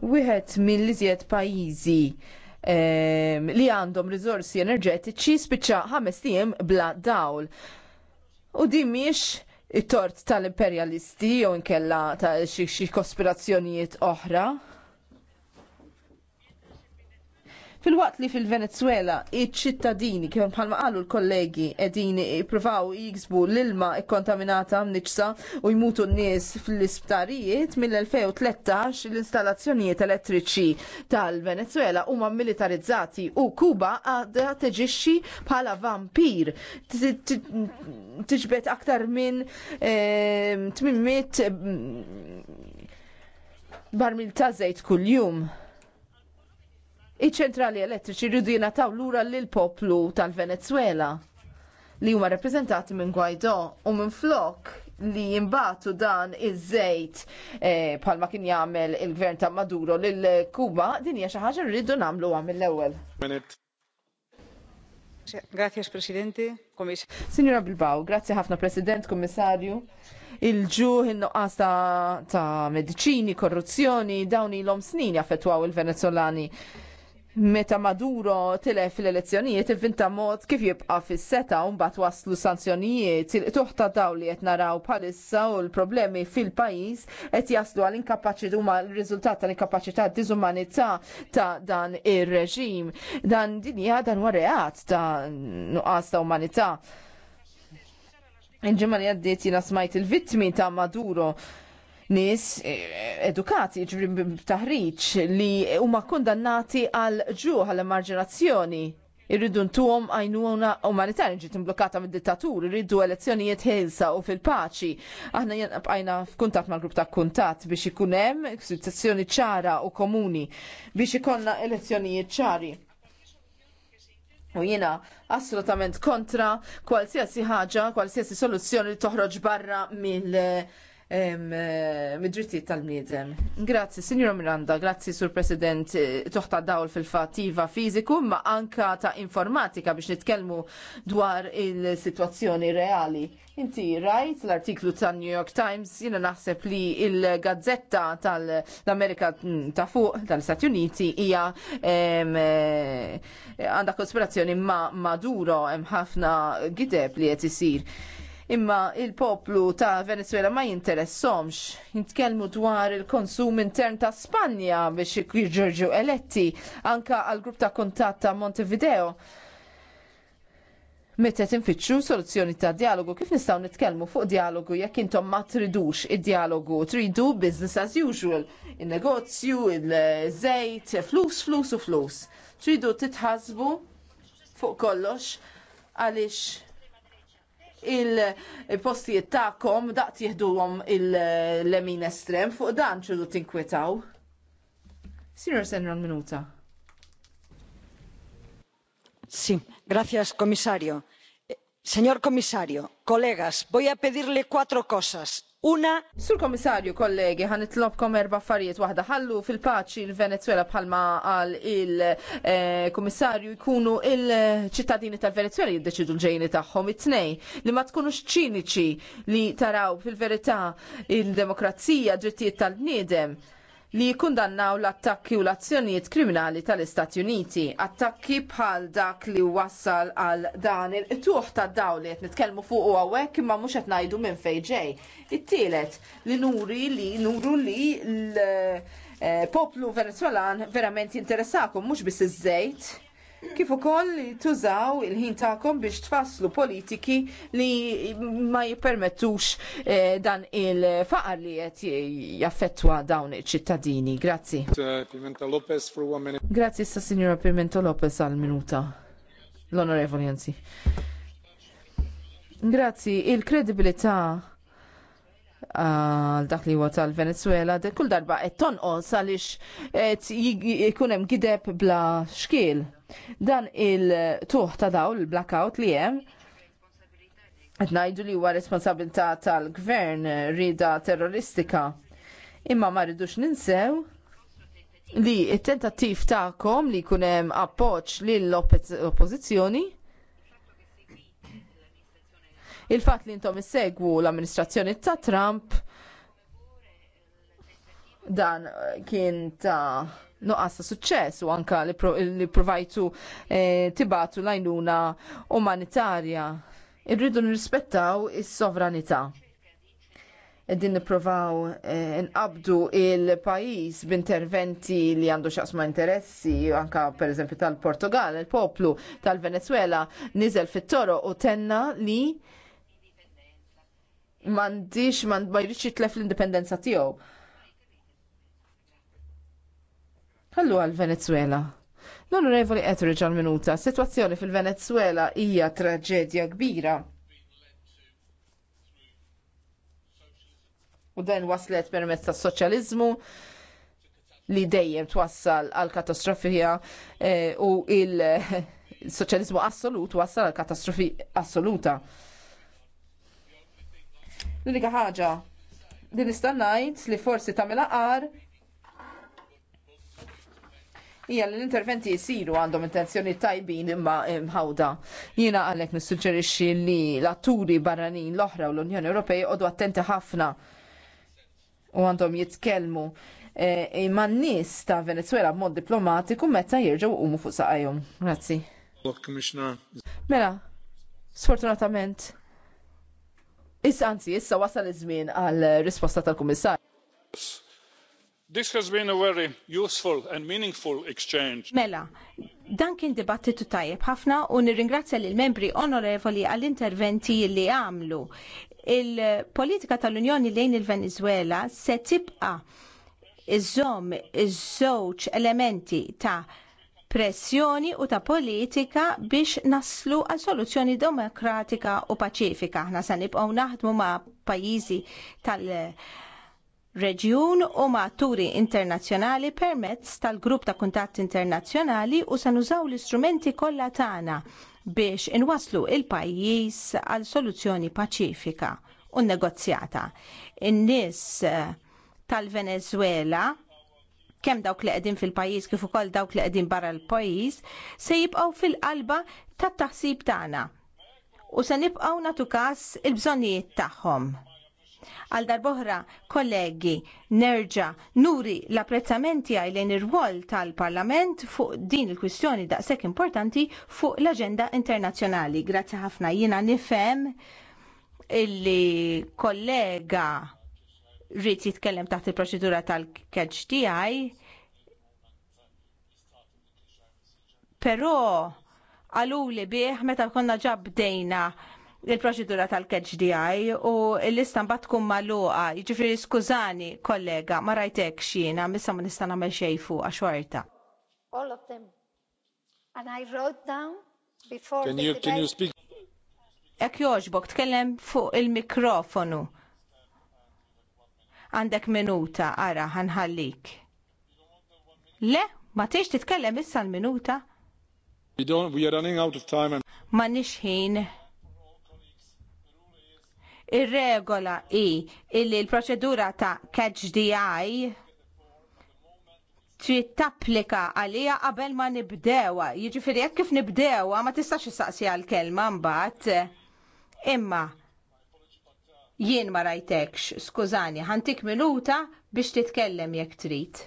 Wieħed mill-iżjed pajjiżi ehm, li għandhom riżorsi enerġetiċi spiċċa ħames tiem bla dawl. U din mhix it-tort tal imperjalisti jew inkella ta' xi kospirazzjonijiet oħra, Fil-waqt li fil-Venezuela iċ-ċittadini kif bħalma qalu l-kollegi qegħdin ippruvaw jiksbu l-ilma kkontaminata mniċsa u jmutu n-nies fl-isptarijiet mill-2013 l-installazzjonijiet elettriċi tal-Venezuela huma militarizzati u Kuba għadha teġixxi bħala vampir tiġbed aktar minn 800 eh, mm, barmil ta' żejt kuljum. Iċ-ċentrali elettriċi rridu jingħataw lura lill poplu tal-Venezuela li huma rappreżentati minn Guaidó u minn flok li jimbatu dan iż-żejt eh, palma kien jagħmel il-gvern ta' Maduro lil Kuba din hija xi ħaġa rridu nagħmluha mill-ewwel. Grazie, Presidente. Signora Bilbao, grazie ħafna President, Kommissarju il ġu il-nuqqas ta', medicini, korruzzjoni, dawn ilhom snin jaffetwaw il-Venezolani meta Maduro tilef fil-elezzjonijiet ivvinta mod kif jibqa' fis-seta u mbagħad waslu sanzjonijiet il-qtuħ ta' li qed naraw bħalissa u l-problemi fil-pajjiż qed jaslu għal inkapaċità huma r-riżultat tal-inkapaċità diżumanità ta' dan ir-reġim. Dan din hija dan huwa reat ta' nuqqas ta' umanità. Il-ġimgħa li għaddiet jiena smajt il-vittmi ta' Maduro nis eh, edukati ġvrim taħriċ li huma kundannati għal ġuħ għal marġinazzjoni irridu ntuhom għajnuna umanitarja ġiet imblokkata mid-dittatur, irridu elezzjonijiet ħilsa u fil-paċi. Aħna jenqajna f'kuntat mal-grupp ta' kuntat biex ikun hemm situazzjoni ċara u komuni biex ikonna elezzjonijiet ċari. U jiena assolutament kontra kwalsiasi ħaġa, kwalsiasi soluzzjoni li toħroġ barra mill- Eh, mid-drittijiet tal-bniedem. Grazzi, Signor Miranda, grazzi Sur President eh, toħta dawl fil-fattiva fiziku ma anka ta' informatika biex nitkellmu dwar il-situazzjoni reali. Inti rajt l-artiklu ta' New York Times, jina naħseb li il-gazzetta tal-Amerika ta' fuq tal-Stati Uniti hija eh, għandha konspirazzjoni ma' Maduro hemm ħafna gideb li qed isir imma il-poplu ta' Venezuela ma jinteressomx. Jintkelmu dwar il-konsum intern ta' Spanja biex jiġġorġu eletti anka għal grupp ta' kuntatt ta' Montevideo. Mettet infittxu soluzzjoni ta' dialogu, kif nistaw nitkellmu fuq dialogu jekk intom ma tridux id-dialogu, tridu business as usual, il-negozju, il-żejt, flus, flus u flus. Tridu titħasbu fuq kollox għaliex il-postijiet tagħkom daqt jieħduhom il-lemin estrem fuq dan ċudu tinkwetaw. Sir Senron minuta. Sì, gracias, comisario. Eh, señor comisario, colegas, voy a pedirle cuatro cosas una. Sur komissarju, kollegi, ħan itlobkom erba' affarijiet waħda. Ħallu fil-paċi l-Venezuela bħalma għal il-komissarju eh, jkunu il-ċittadini tal-Venezuela jiddeċidu l-ġejni tagħhom it-tnej li ma tkunux ċiniċi li taraw fil-verità il-demokrazija, drittijiet tal-bniedem li jikundannaw l-attakki u l-azzjonijiet kriminali tal-Istati Uniti. Attakki bħal dak li wassal għal dan il-tuħ ta' dawli qed nitkellmu fuq u għawek imma mhux qed ngħidu minn fejn ġej. It-tielet li nuri li nuru li l-poplu eh, venezuelan verament jinteressakum mhux biss iż-żejt kif ukoll tużaw il-ħin tagħkom biex tfasslu politiki li ma jippermettux eh, dan il-faqar li qed jaffettwa dawn iċ-ċittadini. Grazzi. Uh, Grazzi sa Signora Pimenta Lopez għal minuta. L-Onorevoli Grazzi, il-kredibilità għal dak li huwa tal-Venezuela, kull darba qed tonqos għaliex jkun hemm gideb bla xkiel. Dan il-tuħ ta' dawl il-blackout li hemm qed ngħidu li huwa responsabilità tal-gvern rida terroristika. Imma ma rridux ninsew li t tentattiv tagħkom li jkun hemm appoġġ lill-oppożizzjoni Il-fatt li intom issegwu l-amministrazzjoni ta' Trump dan kien ta' noqqas ta' suċċess u anka li provajtu eh, tibatu lajnuna umanitarja. Irridu nirrispettaw is-sovranità. Din nipprovaw eh, nqabdu il-pajis b'interventi li għandu xaqsma interessi, anka per eżempju tal-Portugal, il-poplu tal-Venezuela, nizel fit-toro u tenna li m'għandix ma jridx jitlef l-indipendenza tiegħu. Ħallu għal Venezuela. L-Onorevoli Etheridge għal minuta, situazzjoni fil-Venezuela hija traġedja kbira. U dan waslet permezz tas soċjaliżmu li dejjem twassal għal katastrofija eh, u il-soċjaliżmu <laughs> assolut wassal għal katastrofi assoluta. L-unika ħaġa li nista' ngħid li forsi tagħmel aqar Ija l-interventi jisiru għandhom intenzjoni tajbin imma mħawda. Jina għalek nissuġġerixxi li l-atturi barranin l-oħra u l-Unjoni Ewropej għodu attenti ħafna u għandhom jitkellmu e, imma n-nis ta' Venezuela b'mod diplomatiku meta jirġgħu u fuq saqajhom. Grazzi. Mela, sfortunatament Issa anzi, issa wasal iż-żmien għal risposta tal-Kummissar. This has been a very useful and meaningful exchange. Mela, dan kien dibattitu tajjeb ħafna u nirringrazzja lill membri onorevoli għall-interventi li għamlu. Il-politika tal-Unjoni lejn il-Venezuela se tibqa' iżomm iż-żewġ elementi ta' pressjoni u ta' politika biex naslu għal soluzzjoni demokratika u paċifika. Aħna se nibqgħu naħdmu ma' pajjiżi tal-reġjun u ma' internazzjonali permezz tal-grupp ta' kuntatt internazzjonali u se nużaw l-istrumenti kollha tagħna biex inwaslu il-pajjiż għal soluzzjoni paċifika u negozjata. In-nies eh, tal-Venezuela kemm dawk li qegħdin fil-pajjiż kif ukoll dawk li qegħdin barra l-pajjiż se jibqgħu fil-qalba tat-taħsib tagħna u se nibqgħu nagħtu każ il-bżonnijiet tagħhom. Għal darboħra, kollegi, nerġa' nuri l-apprezzamenti għaj lejn ir-rwol tal-Parlament fuq din il-kwistjoni daqshekk importanti fuq l-aġenda internazzjonali. Grazzi ħafna jiena nifhem illi kollega rrit jitkellem taħt il-proċedura tal-kedġ tiegħi. Però għaluli bih meta konna ġabdejna il-proċedura tal-kedġ DI u l-lista mbagħad tkun magħluqa, jiġifieri skużani kollega, ma rajtek xina, missa ma nista' nagħmel xejn fuq għaxorta. All of them. And I wrote down before Can you, can you speak? Ek joġbok, tkellem fuq il-mikrofonu għandek minuta, ara, ħanħallik. Le, ma tiex titkellem issa l-minuta? Ma nixħin. Ir-regola i illi l-proċedura ta' catch DI trid tapplika għalija qabel ma nibdewa. Jiġifieri jekk kif nibdewa ma tistax issaqsi għal kelma mbagħad. Imma Jien ma rajtekx, skużani, ħantik minuta biex titkellem jekk trid.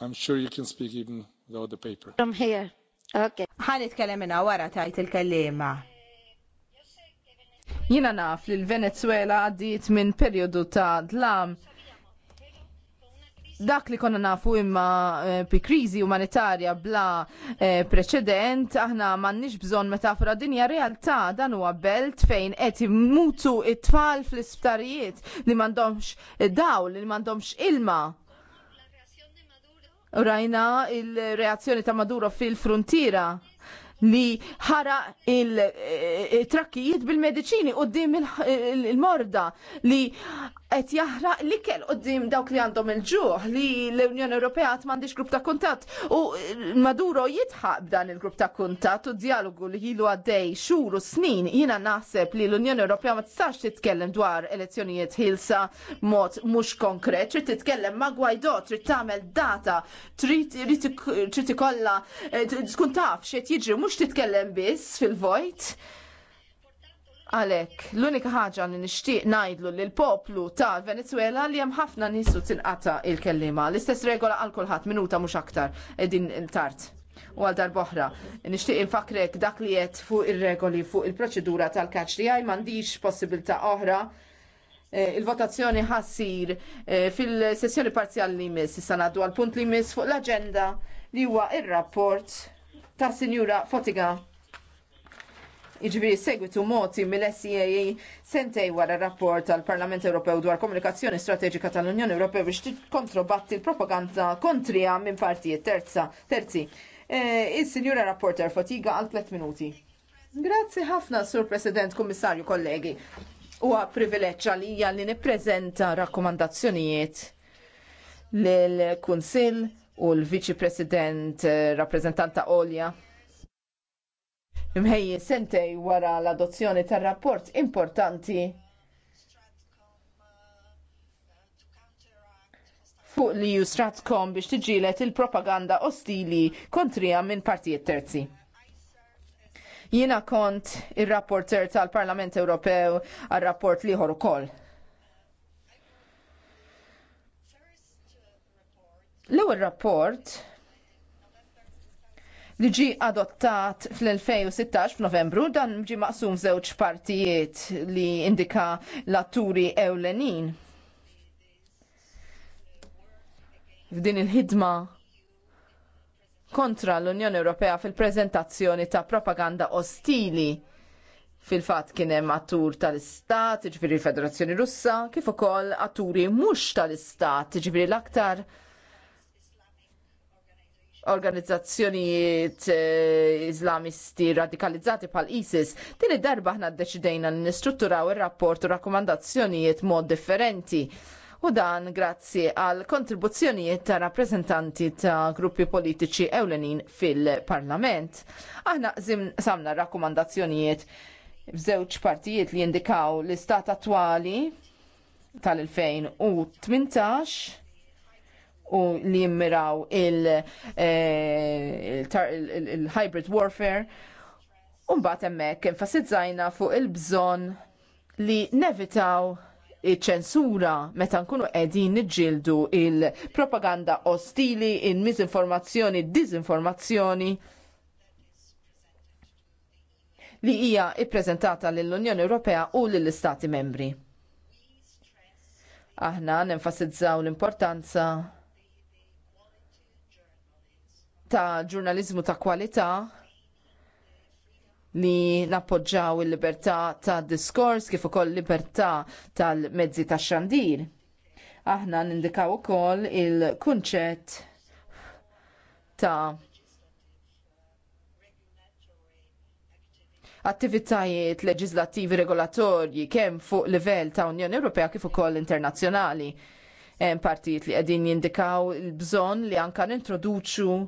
I'm sure you can speak even without the paper. From here. Okay. Ħan itkellem minna wara tajt il-kellima. Jina naf li l-Venezuela għaddiet minn periodu ta' dlam dak li konna nafu imma pi' eh, kriżi umanitarja bla eh, preċedent, aħna m'għandniex bżonn metafora dinja hija realtà dan huwa belt fejn qed imutu it-tfal fl-isptarijiet li m'għandhomx eh, dawl, li m'għandhomx ilma. Rajna il-reazzjoni ta' Maduro fil-frontiera li ħara il-trakkijiet eh, eh, bil-medicini qoddim il-morda li qed jaħraq l-ikel qoddim dawk li għandhom il-ġuħ li l-Unjoni Ewropea qatt m'għandix grupp ta' kuntatt u eh, Maduro jitħaq b'dan il-grupp ta' kuntatt u dialogu li jilu għaddej xhur u snin jiena naħseb li l-Unjoni Ewropea ma tistax titkellem dwar elezzjonijiet ħilsa mod mhux konkret, trid titkellem ma' Guaidó, trid tagħmel data, trid ikollha tkun taf x'qed jiġri mhux mux titkellem biss fil-vojt. Għalek, l-unika ħaġa li nixtieq ngħidlu l poplu ta' Venezuela li hemm ħafna nisu tinqata il-kellima. L-istess regola għal kulħadd minuta mhux aktar din tard. U għal darboħra, nixtieq infakrek dak li jett fuq ir-regoli fuq il-proċedura tal-kaċ li għaj m'għandix possibilità oħra eh, il-votazzjoni ħassir eh, fil-sessjoni parzjali li jmiss, s ngħaddu għal punt li jmiss fuq l-aġenda li huwa il rapport ta' Signora Fotiga. Iġbiri segwitu moti mill-SCAA e sentej wara rapport tal-Parlament Ewropew dwar komunikazzjoni strateġika tal-Unjoni Ewropew biex kontrobatti l-propaganda kontrija minn partijiet terza. Terzi, e, il-Sinjura Rapporter Fotiga għal 3 minuti. Grazzi ħafna, Sur President, Kommissarju, kollegi. Huwa li għalija li nippreżenta rakkomandazzjonijiet lill-Kunsill u l-Viċi President eh, rappreżentanta Olja. Imħejji sentej wara l-adozzjoni tar-rapport importanti fuq li jusratkom biex tiġilet il-propaganda ostili kontrija minn partijiet terzi. Jiena kont ir rapporter tal-Parlament Ewropew għal rapport liħor ukoll L-ewwel rapport li ġi adottat fl-2016 f'Novembru dan ġi maqsum żewġ partijiet li indika l-atturi ewlenin. F'din il-ħidma kontra l-Unjoni Ewropea fil-preżentazzjoni ta' propaganda ostili fil-fat kien hemm attur tal-Istat, ġifieri l-Federazzjoni Russa, kif ukoll atturi mhux tal-Istat, ġifieri l-aktar organizzazzjonijiet eh, islamisti radikalizzati pal ISIS, din id-darba ħna d-deċidejna n-istrutturaw il-rapport u rakkomandazzjonijiet mod differenti. U dan grazzi għal kontribuzzjonijiet ta' rappresentanti ta' gruppi politiċi ewlenin fil-parlament. Aħna samna rakkomandazzjonijiet f'żewġ partijiet li jindikaw l-istat attwali tal-2018 u li jimmiraw il-hybrid eh, warfare. Umbat emmek enfasizzajna fuq il-bżon li nevitaw iċ-ċensura meta nkunu qegħdin niġġieldu il-propaganda ostili, il-miżinformazzjoni, diżinformazzjoni li hija ppreżentata lill-Unjoni Ewropea u lill-Istati Membri. Aħna nenfasizzaw l-importanza ta' ġurnaliżmu ta' kwalità li nappoġġaw il-libertà ta' diskors kif ukoll libertà tal-mezzi ta' xandir. Aħna nindikaw ukoll il-kunċett ta' attivitajiet leġislattivi regolatorji kemm fuq livell ta' Unjoni Ewropea kif ukoll internazzjonali. Hemm partijiet li qegħdin jindikaw il-bżonn li anke nintroduċu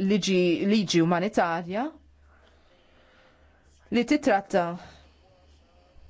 liġi umanitarja li titratta